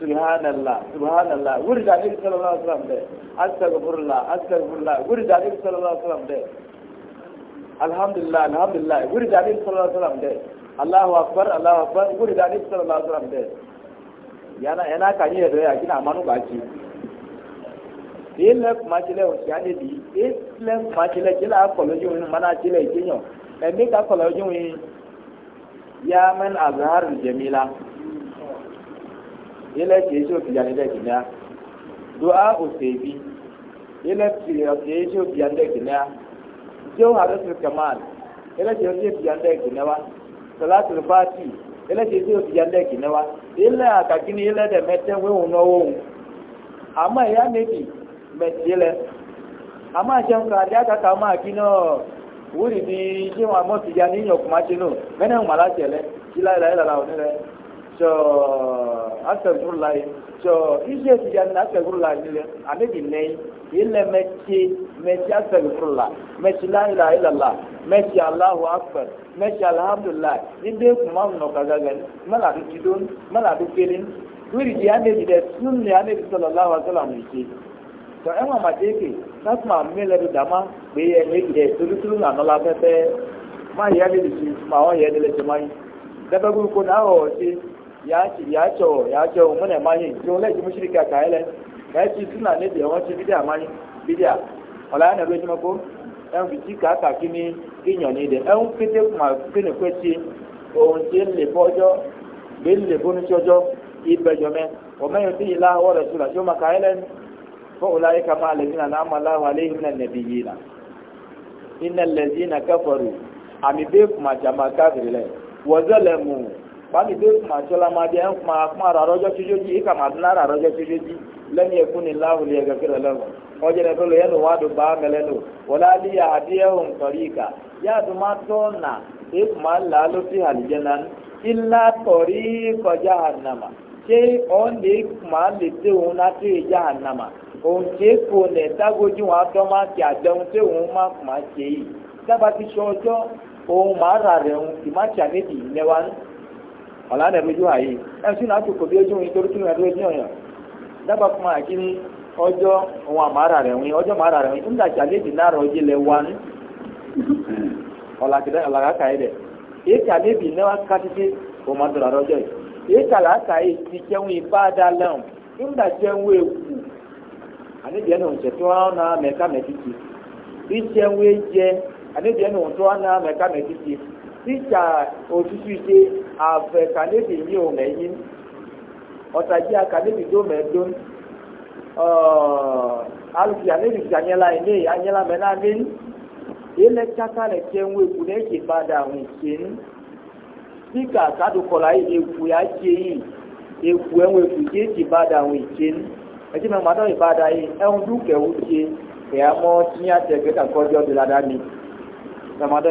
subhanallah subhanallah wuridi alebi sallallahu alaihi wa sallam dɛ astagfirullah astagfirullah wuridi alebi sallallahu alaihi wa sallam dɛ alhamdulilah alhamdulilah wuridi alebi sallallahu alaihi wa sallam dɛ. Allahu akbar Allahu akbar guri da ni sallallahu alaihi wasallam de yana yana kani ya doya kina amanu ba ci ile ma chile o ya de di ile ma chile kila ko lojo ni mana chile kinyo e mi ka ko lojo ni ya man azhar jamila ile ke so ki ya de kinya du'a usebi ile ke so ki ya de kinya jo hadasul kamal ile ke so ki ya de kinya salatul fati eleke ti o ti yande kinewa ile akakini ile de mete wewu nowo ohun ama ya mebi metile ama seun ka adi akaka ma kini o wuri bi ṣé wọn àmọ́ ti ya ní ìyàn kùmá sínú mẹ́rin wọn aláṣẹ lẹ ìlà ìlà ìlà òní rẹ sọ asẹ̀gúrú láyé sọ iṣẹ́ ti ya ní asẹ̀gúrú láyé nílẹ̀ ilẹ̀ mẹ́tì mẹ́tì asẹ̀lifúnla mẹ́tì láyìlá ìlàlá mẹ́tì aláhu akpẹ̀r mẹ́tì alihamudulilayi níbi kuma nọ kagagani mẹ́la tó ti dún mẹ́la tó kéré wíìrì di anabi dẹ sún ní anabi sọlọ láhu akẹ́lá mi ṣe tọ́ ẹ̀ wọ́n màtí èké sásùmá mílẹ̀ tó dàmá pé ẹ̀ níbi dẹ tolútolú nà nọ́lá pẹ́pẹ́ máa yẹ anabi ṣe máa yẹ ẹdẹlẹ́sẹ̀ máa yẹ dẹ́gbẹ́ ya na suna ne da yawanci bidiya mani bidiya wala yana bai jima ko yan fiti ka aka kini kinyo ne da yan fiti kuma kini kweci ohun ti n lè bọjọ bí n lè bóni tíọjọ ìbẹjọ mẹ ọmọ yóò ti yìí la wọlé sula yóò ma ka yìí yìí nà iná àmì káfìrì mú ma dé ẹ̀ ń kuma kuma rà rọ́jọ́ rọ́jọ́ لم يكن الله ليغفر لهم ọjọ́rẹ́ tó lè yẹnu wádùn bá mẹlẹ́nu wọlá lè yà àdéhùn tọ̀ríkà yáàdù má tọ́nà èkó máa ń là á ló sí àlìjẹ́ náà ilá tọ̀rí kọjá ànàmà ṣé lè lè òun ànàmà òun ṣe kò nẹ̀ dágójú wọn atọ́ máa ti àdéhùn tẹ òun má ṣe yìí dábàá ti ọjọ́ òun rẹ̀ òun kì má àyè bí ojú yìí torí kí dábàá kuma àkíní ọjọ́ òun àmàrà rẹ̀ wín ọjọ́ màrà rẹ̀ wín nígbà tí àlejò náà ọjọ́ lẹ̀ wá ní ọ̀làkìdá ọ̀làkàkà yìí dẹ̀ èyí àlejò náà kátìtì òun máa dọ̀rọ̀ ọjọ́ yìí èyí yìí ti ewu ọ̀nà tọ́ ọ̀nà ɔtadzi akadebi do mɛ do ɔɔ aluvi anebi ti anyala yi ne anyala mɛ n'ane nu ele tsaka le tse ŋu eku ne tse ba da ŋu tse nu sika kadu kɔ la yi eku ya tse yi eku ɛŋu eku tse tse ba da ŋu tse nu eti mɛ ŋmatɔ yi ba da yi ɛŋu du kɛwu tse kɛya mɔ tinya tɛ kɛ kakɔdzɔ do la da mi mɛ ŋmatɔ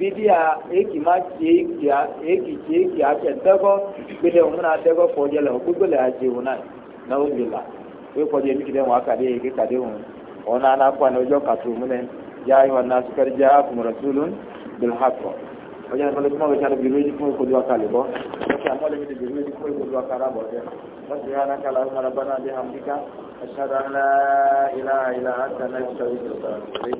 bidia eki ma tie kia eki tie kia tse dɛgɔ gbede wo muna dɛgɔ kɔdze le wo gbogbo le adze wo na na wo bi la wo kɔdze mi kele wo aka de eke ka de wo wo na na kɔ ne wo dzɔ kato mu ne ya yi wa na sukari dza kumu rasulun bil hakɔ o jɛ nufɔlɔ kuma bɛ tsa ne biro yi